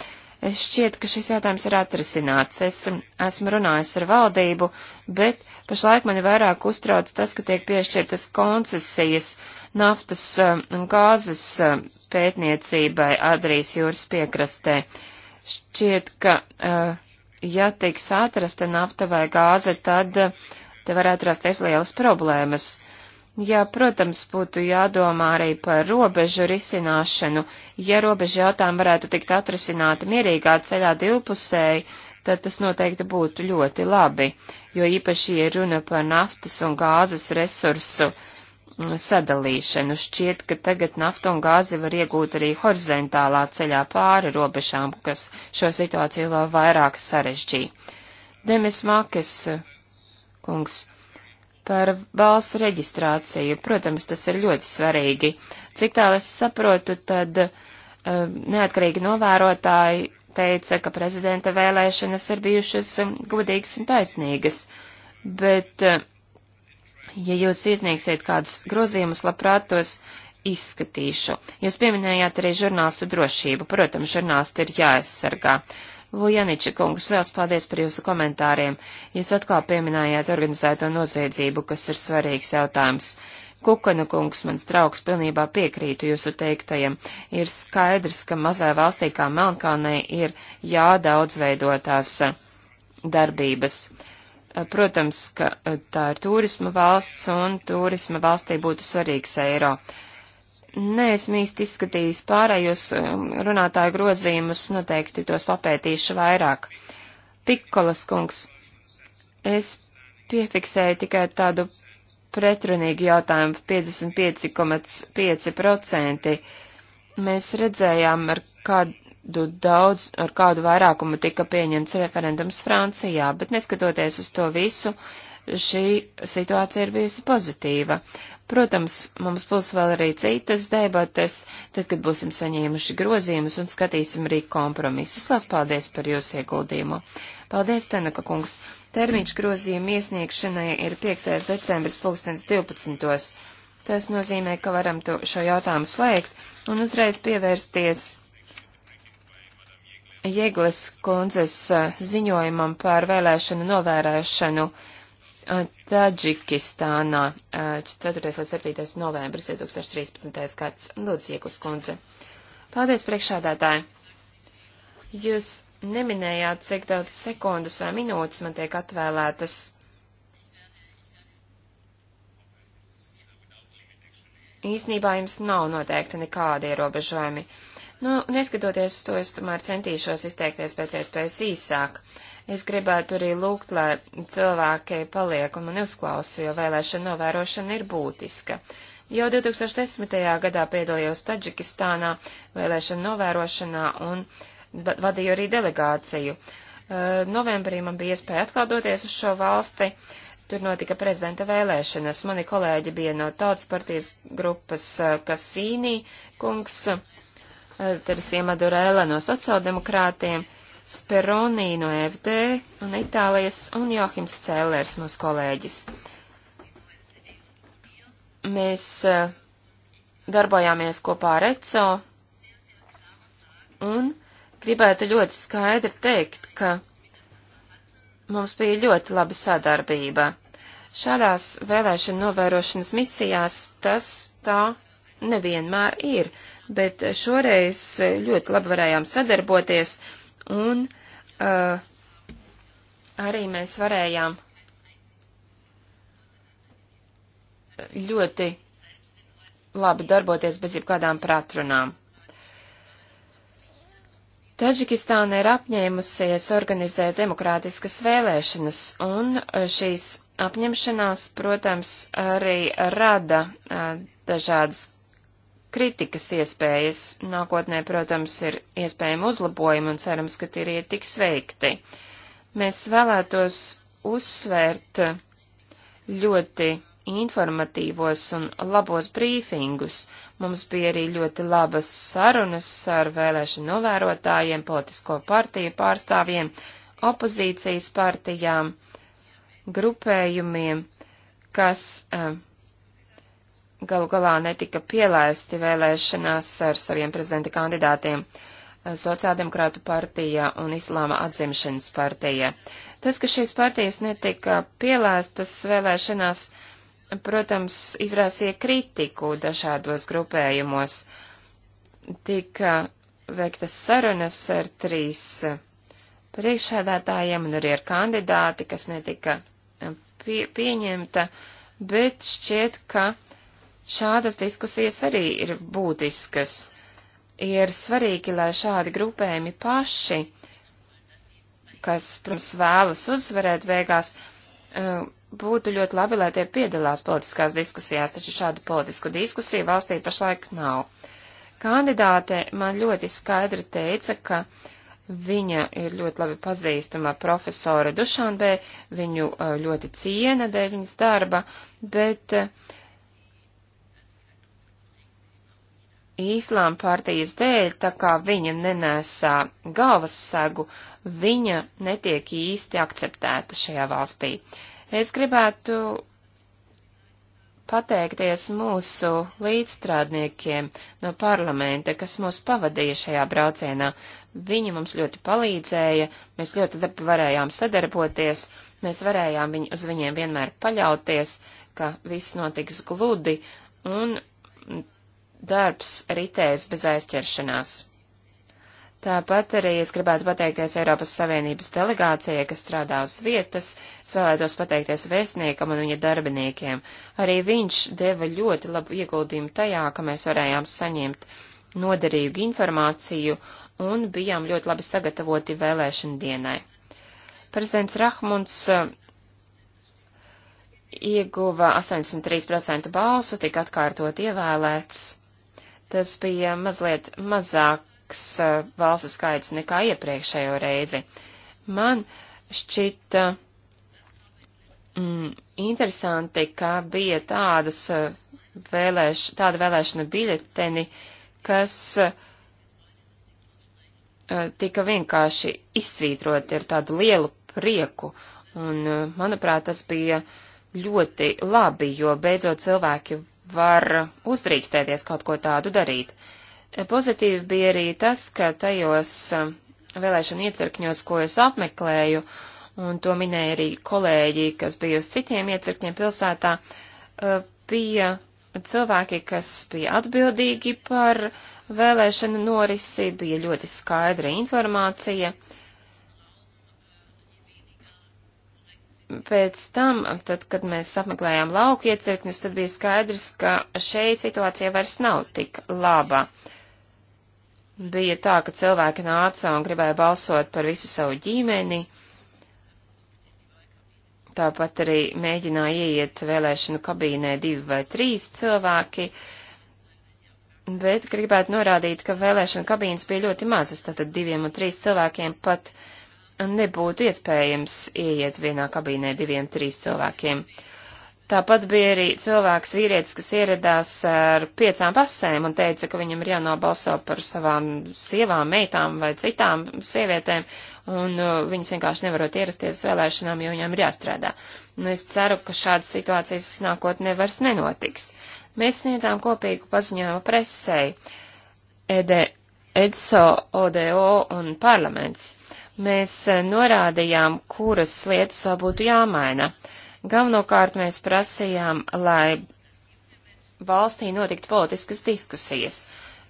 S2: Es šķiet, ka šis jautājums ir atrisināts. Es esmu runājis ar valdību, bet pašlaik mani vairāk uztrauc tas, ka tiek piešķirtas koncesijas naftas um, un gāzes um, pētniecībai Adrijas jūras piekrastē. Šķiet, ka uh, ja tiks atrasta nafta vai gāze, tad uh, te varētu rasties lielas problēmas. Jā, protams, būtu jādomā arī par robežu risināšanu. Ja robežu jautājumi varētu tikt atrisināti mierīgā ceļā divpusēji, tad tas noteikti būtu ļoti labi, jo īpaši, ja runa par naftas un gāzes resursu mm, sadalīšanu, šķiet, ka tagad naftu un gāzi var iegūt arī horizontālā ceļā pāri robežām, kas šo situāciju vēl vairāk sarežģīja. Demis Mākes kungs par balsu reģistrāciju. Protams, tas ir ļoti svarīgi. Cik tālu es saprotu, tad uh, neatkarīgi novērotāji teica, ka prezidenta vēlēšanas ir bijušas um, godīgas un taisnīgas. Bet, uh, ja jūs iesniegsiet kādus grozījumus, labprāt tos izskatīšu. Jūs pieminējāt arī žurnālistu drošību. Protams, žurnālisti ir jāaizsargā. Uh, Vujaniča kungs, liels paldies par jūsu komentāriem. Jūs atkal pieminājāt organizēto noziedzību, kas ir svarīgs jautājums. Kukana kungs, mans draugs, pilnībā piekrītu jūsu teiktajam. Ir skaidrs, ka mazai valstī kā Melnkalnei ir jādaudzveidotās eh, darbības. Eh, protams, ka eh, tā ir turisma valsts, un turisma valstī būtu svarīgs eiro. Uh, neesmu īsti izskatījis pārējos um, runātāju grozījumus, noteikti tos papētīšu vairāk. Pikolas kungs, es piefiksēju tikai tādu pretrunīgu jautājumu 55,5%. Mēs redzējām, ar kādu daudz, ar kādu vairākumu tika pieņemts referendums Francijā, bet neskatoties uz to visu, uh, šī situācija ir bijusi pozitīva. Protams, mums būs vēl arī citas debates, tad, kad būsim saņēmuši grozījumus un skatīsim arī kompromisus. Lās paldies par jūsu ieguldījumu. Paldies, Tenaka kungs. Termiņš grozījuma iesniegšanai ir 5. decembris 2012. Tas nozīmē, ka varam to, šo jautājumu slēgt un uzreiz pievērsties Jēglas kundzes ziņojumam par vēlēšanu novērēšanu. Tadžikistānā 4. Eh, līdz 7. novembris 2013. gads. Lūdzu, Ieklis kundze. Paldies, priekšādātāji. Jūs neminējāt, cik daudz sekundes vai minūtes man tiek atvēlētas. Īsnībā jums nav noteikti nekādi ierobežojumi. Uh, Nu, neskatoties uz to, es tomēr centīšos izteikties pēc iespējas īsāk. Es gribētu arī lūgt, lai cilvēki paliek un man uzklausa, jo vēlēšana novērošana ir būtiska. Jau 2010. gadā piedalījos Taģikistānā vēlēšana novērošanā un vadīju arī delegāciju. Uh, novembrī man bija iespēja atkal doties uz šo valsti. Tur notika prezidenta vēlēšanas. Mani kolēģi bija no Tautas partijas grupas uh, Kasīnī kungs Teresija Madurēla no sociāldemokrātiem, Speronī no FD un Itālijas un Johims Cēlērs mūsu kolēģis. Mēs e, darbojāmies kopā ar ECO un gribētu ļoti skaidri teikt, ka mums bija ļoti laba sadarbība. Šādās vēlēšana novērošanas misijās tas tā nevienmēr ir, bet šoreiz ļoti labi varējām sadarboties un uh, arī mēs varējām ļoti labi darboties bez jebkādām pratrunām. Taģikistāna ir apņēmusies organizēt demokrātiskas vēlēšanas, un uh, šīs apņemšanās, protams, arī rada uh, dažādas kritikas iespējas. Nākotnē, protams, ir iespējama uzlabojuma un cerams, ka tie ir tiks veikti. Mēs vēlētos uzsvērt ļoti informatīvos un labos brīfingus. Mums bija arī ļoti labas sarunas ar vēlēšanu novērotājiem, politisko partiju pārstāvjiem, opozīcijas partijām, grupējumiem, kas uh, galu galā netika pielaisti vēlēšanās ar saviem prezidenta kandidātiem Sociāldemokrātu partija un Islāma atzimšanas partija. Tas, ka šīs partijas netika pielaistas vēlēšanās, protams, izrāsīja kritiku dažādos grupējumos. Tika veiktas sarunas ar trīs priekšsēdētājiem un arī ar kandidāti, kas netika pie, pieņemta, bet šķiet, ka uh, Šādas diskusijas arī ir būtiskas. Ir svarīgi, lai šādi grupējumi paši, kas, protams, vēlas uzvarēt beigās, e, būtu ļoti labi, lai tie piedalās politiskās diskusijās, taču šādu politisku diskusiju valstī pašlaik nav. Kandidāte man ļoti skaidri teica, ka viņa ir ļoti labi pazīstama profesora Dušanbē, viņu e, ļoti ciena dēļ viņas darba, bet uh, Īslām partijas dēļ, tā kā viņa nenēsā galvas segu, viņa netiek īsti akceptēta šajā valstī. Es gribētu pateikties mūsu līdzstrādniekiem no parlamenta, kas mūs pavadīja šajā braucienā. Viņi mums ļoti palīdzēja, mēs ļoti labi varējām sadarboties, mēs varējām viņ, uz viņiem vienmēr paļauties, ka viss notiks gludi, un darbs ritēs bez aizķeršanās. Tāpat arī es gribētu pateikties Eiropas Savienības delegācijai, kas strādā uz vietas, es vēlētos pateikties vēstniekam un viņa darbiniekiem. Arī viņš deva ļoti labu ieguldījumu tajā, ka mēs varējām saņemt noderīgu informāciju un bijām ļoti labi sagatavoti vēlēšana dienai. Prezidents Rahmunds uh, ieguva 83% balsu, tika atkārtot ievēlēts. Tas bija mazliet mazāks eh, valstu skaits nekā iepriekšējo reizi. Man šķita mm, interesanti, ka bija tādas eh, vēlēš, tāda vēlēšana biļeteni, kas eh, tika vienkārši izsvītroti ar tādu lielu prieku. Un, manuprāt, tas bija ļoti labi, jo beidzot cilvēki var uzdrīkstēties kaut ko tādu darīt. Pozitīvi bija arī tas, ka tajos um, vēlēšana iecirkņos, ko es apmeklēju, un to minēja arī kolēģi, kas bija uz citiem iecirkņiem pilsētā, uh, bija cilvēki, kas bija atbildīgi par vēlēšana norisi, bija ļoti skaidra informācija. Uh, pēc tam, tad, kad mēs apmeklējām lauku iecirknis, tad bija skaidrs, ka šeit situācija vairs nav tik laba. Bija tā, ka cilvēki nāca un gribēja balsot par visu savu ģimeni, tāpat arī mēģināja ieiet vēlēšanu kabīnē divi vai trīs cilvēki, bet gribētu norādīt, ka vēlēšana kabīnes bija ļoti mazas, tātad diviem un trīs cilvēkiem pat uh, nebūtu iespējams ieiet vienā kabīnē diviem, trīs cilvēkiem. Tāpat bija arī cilvēks vīrietis, kas ieradās ar piecām pasēm un teica, ka viņam ir jānobalso par savām sievām, meitām vai citām sievietēm, un uh, viņas vienkārši nevarot ierasties uz vēlēšanām, jo viņām ir jāstrādā. Nu, es ceru, ka šādas situācijas nākotnē vairs nenotiks. Mēs sniedzām kopīgu paziņojumu presei. ED EDSO, ODO un parlaments. Mēs e, norādījām, kuras lietas vēl būtu jāmaina. Galvenokārt mēs prasījām, lai valstī notiktu politiskas diskusijas,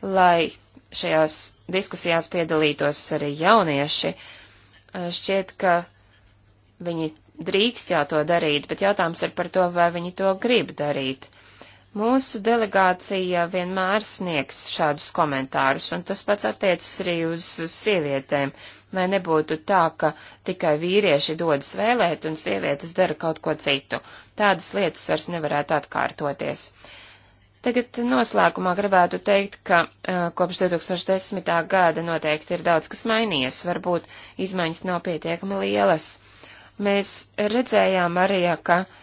S2: lai šajās diskusijās piedalītos arī jaunieši. E, šķiet, ka viņi drīkst jau to darīt, bet jautājums ir par to, vai viņi to grib darīt. Mūsu delegācija vienmēr sniegs šādus komentārus, un tas pats attiecas arī uz sievietēm. Vai nebūtu tā, ka tikai vīrieši dodas vēlēt un sievietes dara kaut ko citu? Tādas lietas vairs nevarētu atkārtoties. Tagad noslēgumā gribētu teikt, ka uh, kopš 2010. gada noteikti ir daudz kas mainījies, varbūt izmaiņas nav pietiekami lielas. Mēs redzējām arī, ka uh,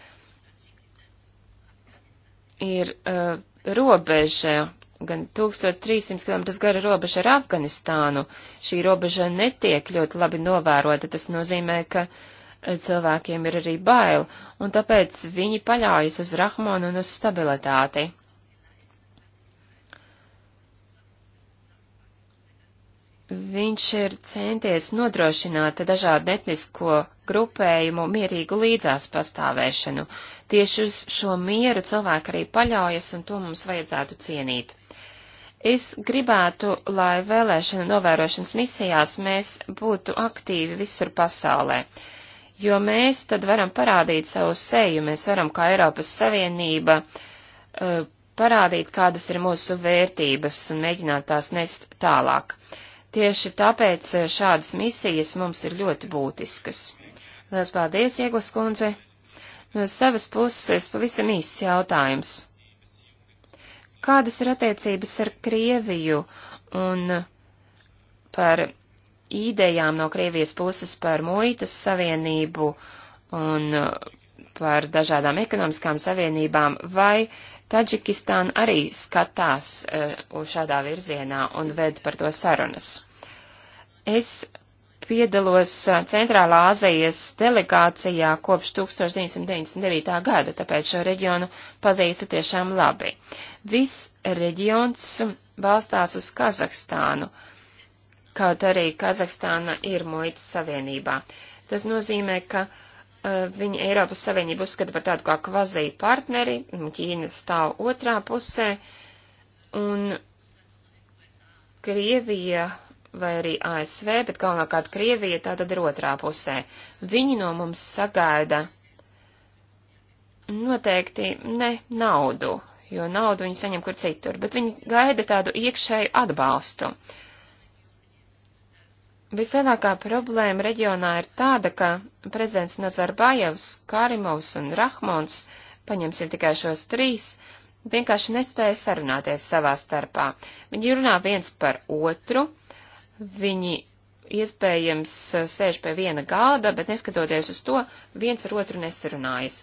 S2: ir uh, robeža, gan 1300 km gara robeža ar Afganistānu. Šī robeža netiek ļoti labi novērota, tas nozīmē, ka uh, cilvēkiem ir arī bail, un tāpēc viņi paļaujas uz Rahmonu un uz stabilitāti. Viņš ir centies nodrošināt dažādu etnisko grupējumu mierīgu līdzās pastāvēšanu, uh, Tieši uz šo mieru cilvēki arī paļaujas, un to mums vajadzētu cienīt. Es gribētu, lai vēlēšana novērošanas misijās mēs būtu aktīvi visur pasaulē, jo mēs tad varam parādīt savu seju, mēs varam kā Eiropas Savienība eh, parādīt, kādas ir mūsu vērtības un mēģināt tās nest tālāk. Tieši tāpēc eh, šādas misijas mums ir ļoti būtiskas. Lielas paldies, Ieglas kundze! No savas puses pavisam īsts jautājums. Kādas ir attiecības ar Krieviju un par idejām no Krievijas puses par muitas savienību un par dažādām ekonomiskām savienībām, vai Taģikistāna arī skatās eh, uz šādā virzienā un ved par to sarunas. Es piedalos Centrālā Azijas delegācijā kopš 1999. gada, tāpēc šo reģionu pazīstu tiešām labi. Viss reģions balstās uz Kazahstānu, kaut arī Kazahstāna ir muitas savienībā. Tas nozīmē, ka uh, viņi Eiropas Savienību uzskata par tādu kā kvazī partneri, Ķīna stāv otrā pusē, un Krievija vai arī ASV, bet galvenokārt Krievija tā tad ir otrā pusē. Viņi no mums sagaida noteikti ne naudu, jo naudu viņi saņem kur citur, bet viņi gaida tādu iekšēju atbalstu. Vislielākā problēma reģionā ir tāda, ka prezidents Nazarbājevs, Kārimovs un Rahmons, paņemsim tikai šos trīs, vienkārši nespēja sarunāties savā starpā. Viņi runā viens par otru, Viņi iespējams eh, sēž pie viena gāda, bet neskatoties uz to, viens ar otru nesarunājas.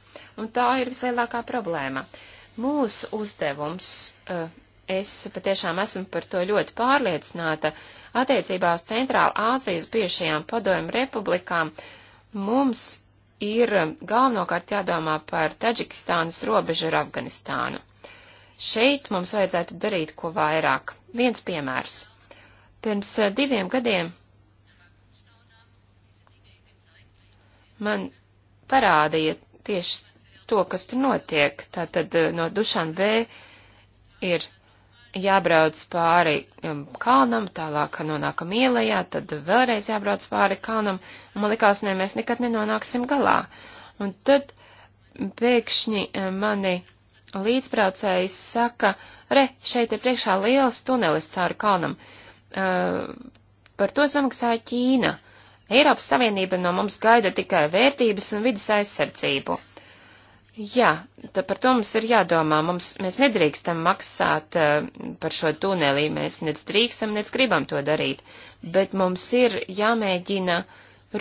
S2: Un tā ir vislielākā problēma. Mūsu uzdevums, eh, es patiešām esmu par to ļoti pārliecināta, attiecībā uz Centrāla Āzijas bijušajām padojumu republikām mums ir eh, galvenokārt jādomā par Taģikistānas robežu ar Afganistānu. Šeit mums vajadzētu darīt ko vairāk. Viens piemērs. Pirms eh, diviem gadiem man parādīja tieši to, kas tur notiek. Tātad eh, no Dušan B ir jābrauc pāri um, kalnam, tālāk nonākam ielējā, tad vēlreiz jābrauc pāri kalnam, un man likās, ne, mēs nekad nenonāksim galā. Un tad pēkšņi eh, mani līdzbraucējs saka, re, šeit ir priekšā liels tunelis cauri kalnam. Uh, Eh, par to samaksāja Ķīna. Eiropas Savienība no mums gaida tikai vērtības un vidas aizsardzību. Jā, tad par to mums ir jādomā. Mums, mēs nedrīkstam maksāt uh, par šo tunelī, mēs nec drīkstam, nec gribam to darīt, bet mums ir jāmēģina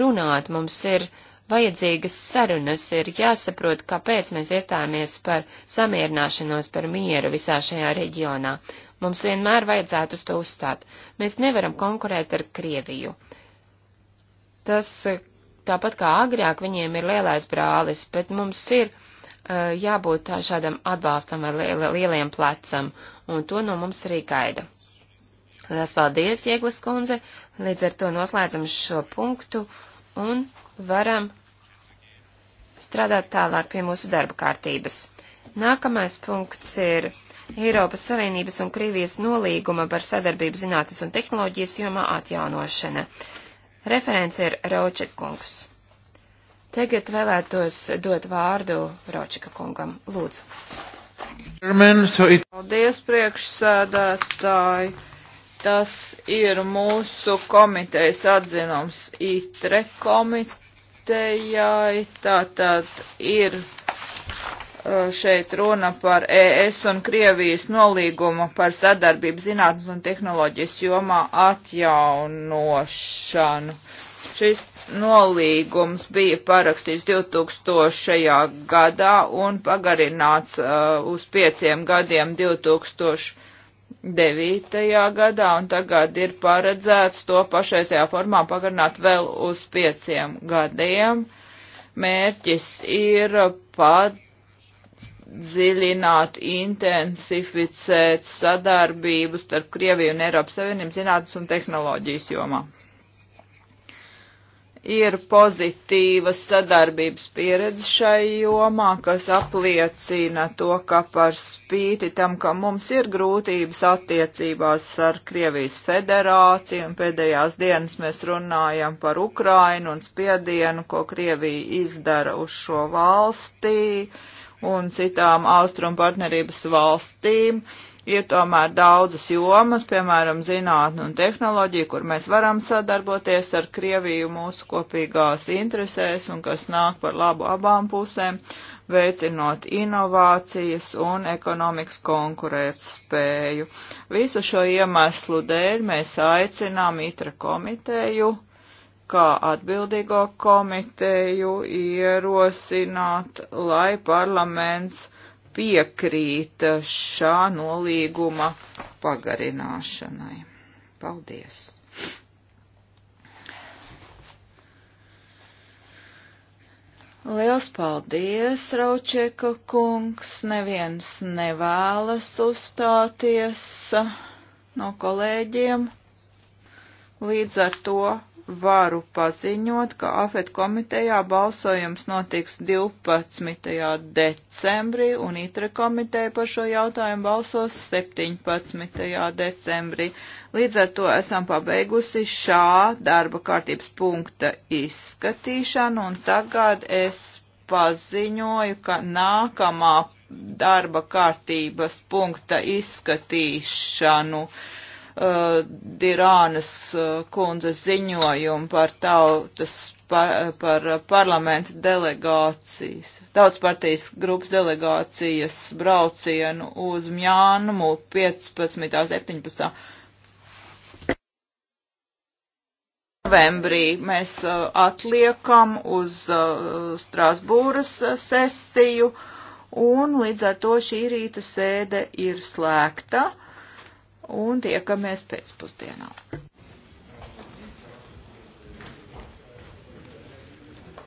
S2: runāt, mums ir vajadzīgas sarunas, ir jāsaprot, kāpēc mēs iestājāmies par samierināšanos, par mieru visā šajā reģionā. Mums vienmēr vajadzētu uz to uzstāt. Mēs nevaram konkurēt ar Krieviju. Tas, eh, tāpat kā agrāk, viņiem ir lielais brālis, bet mums ir uh, jābūt šādam atbalstam vai li lieliem plecam, un to no mums arī gaida. Lielas paldies, Ieglas kundze, līdz ar to noslēdzam šo punktu un varam strādāt tālāk pie mūsu darba kārtības. Nākamais punkts ir Eiropas Savienības un Krievijas nolīguma par sadarbību zinātnes un tehnoloģijas jomā atjaunošana. Referents ir Ročekungs. Tagad vēlētos dot vārdu Ročika kungam. Lūdzu.
S3: Paldies, priekšsēdētāji. Tas ir mūsu komitejas atzinums ITRE komitejai. Tātad ir Eh, šeit runa par ES un Krievijas nolīgumu par sadarbību zinātnes un tehnoloģijas jomā atjaunošanu. Šis nolīgums bija parakstīts 2000. gadā un pagarināts uh, uz pieciem gadiem 2009. gadā, un tagad ir paredzēts to pašreizajā formā pagarināt vēl uz pieciem gadiem. Mērķis ir pat dziļināt, intensificēt sadarbību starp Krieviju un Eiropas Savienību zinātnes un tehnoloģijas jomā. Ir pozitīvas sadarbības pieredze šai jomā, kas apliecina to, ka par spīti tam, ka mums ir grūtības attiecībās ar Krievijas federāciju, un pēdējās dienas mēs runājam par Ukrainu un spiedienu, ko Krievija izdara uz šo valstī, uh, un citām austrumu partnerības valstīm ir tomēr daudzas jomas, piemēram, zinātne un tehnoloģija, kur mēs varam sadarboties ar Krieviju mūsu kopīgās interesēs un kas nāk par labu abām pusēm, veicinot inovācijas un ekonomikas konkurētspēju. Visu šo iemeslu dēļ mēs aicinām ITRA komiteju kā atbildīgo komiteju ierosināt, lai parlaments piekrīt šā nolīguma pagarināšanai. Paldies! Liels paldies, Raučeka kungs, neviens nevēlas uzstāties no kolēģiem. Līdz ar to varu paziņot, ka AFET komitejā balsojums notiks 12. decembrī un ITRE komiteja par šo jautājumu balsos 17. decembrī. Līdz ar to esam pabeigusi šā darba kārtības punkta izskatīšanu un tagad es paziņoju, ka nākamā darba kārtības punkta izskatīšanu uh, Dirānas uh, kundzes ziņojumu par tautas, par, par parlamenta delegācijas, tautspartijas grupas delegācijas braucienu uz Mjānumu 15. 17. novembrī mēs uh, atliekam uz uh, Strasbūras uh, sesiju, un līdz ar to šī rīta sēde ir slēgta un tiekamies pēcpusdienā.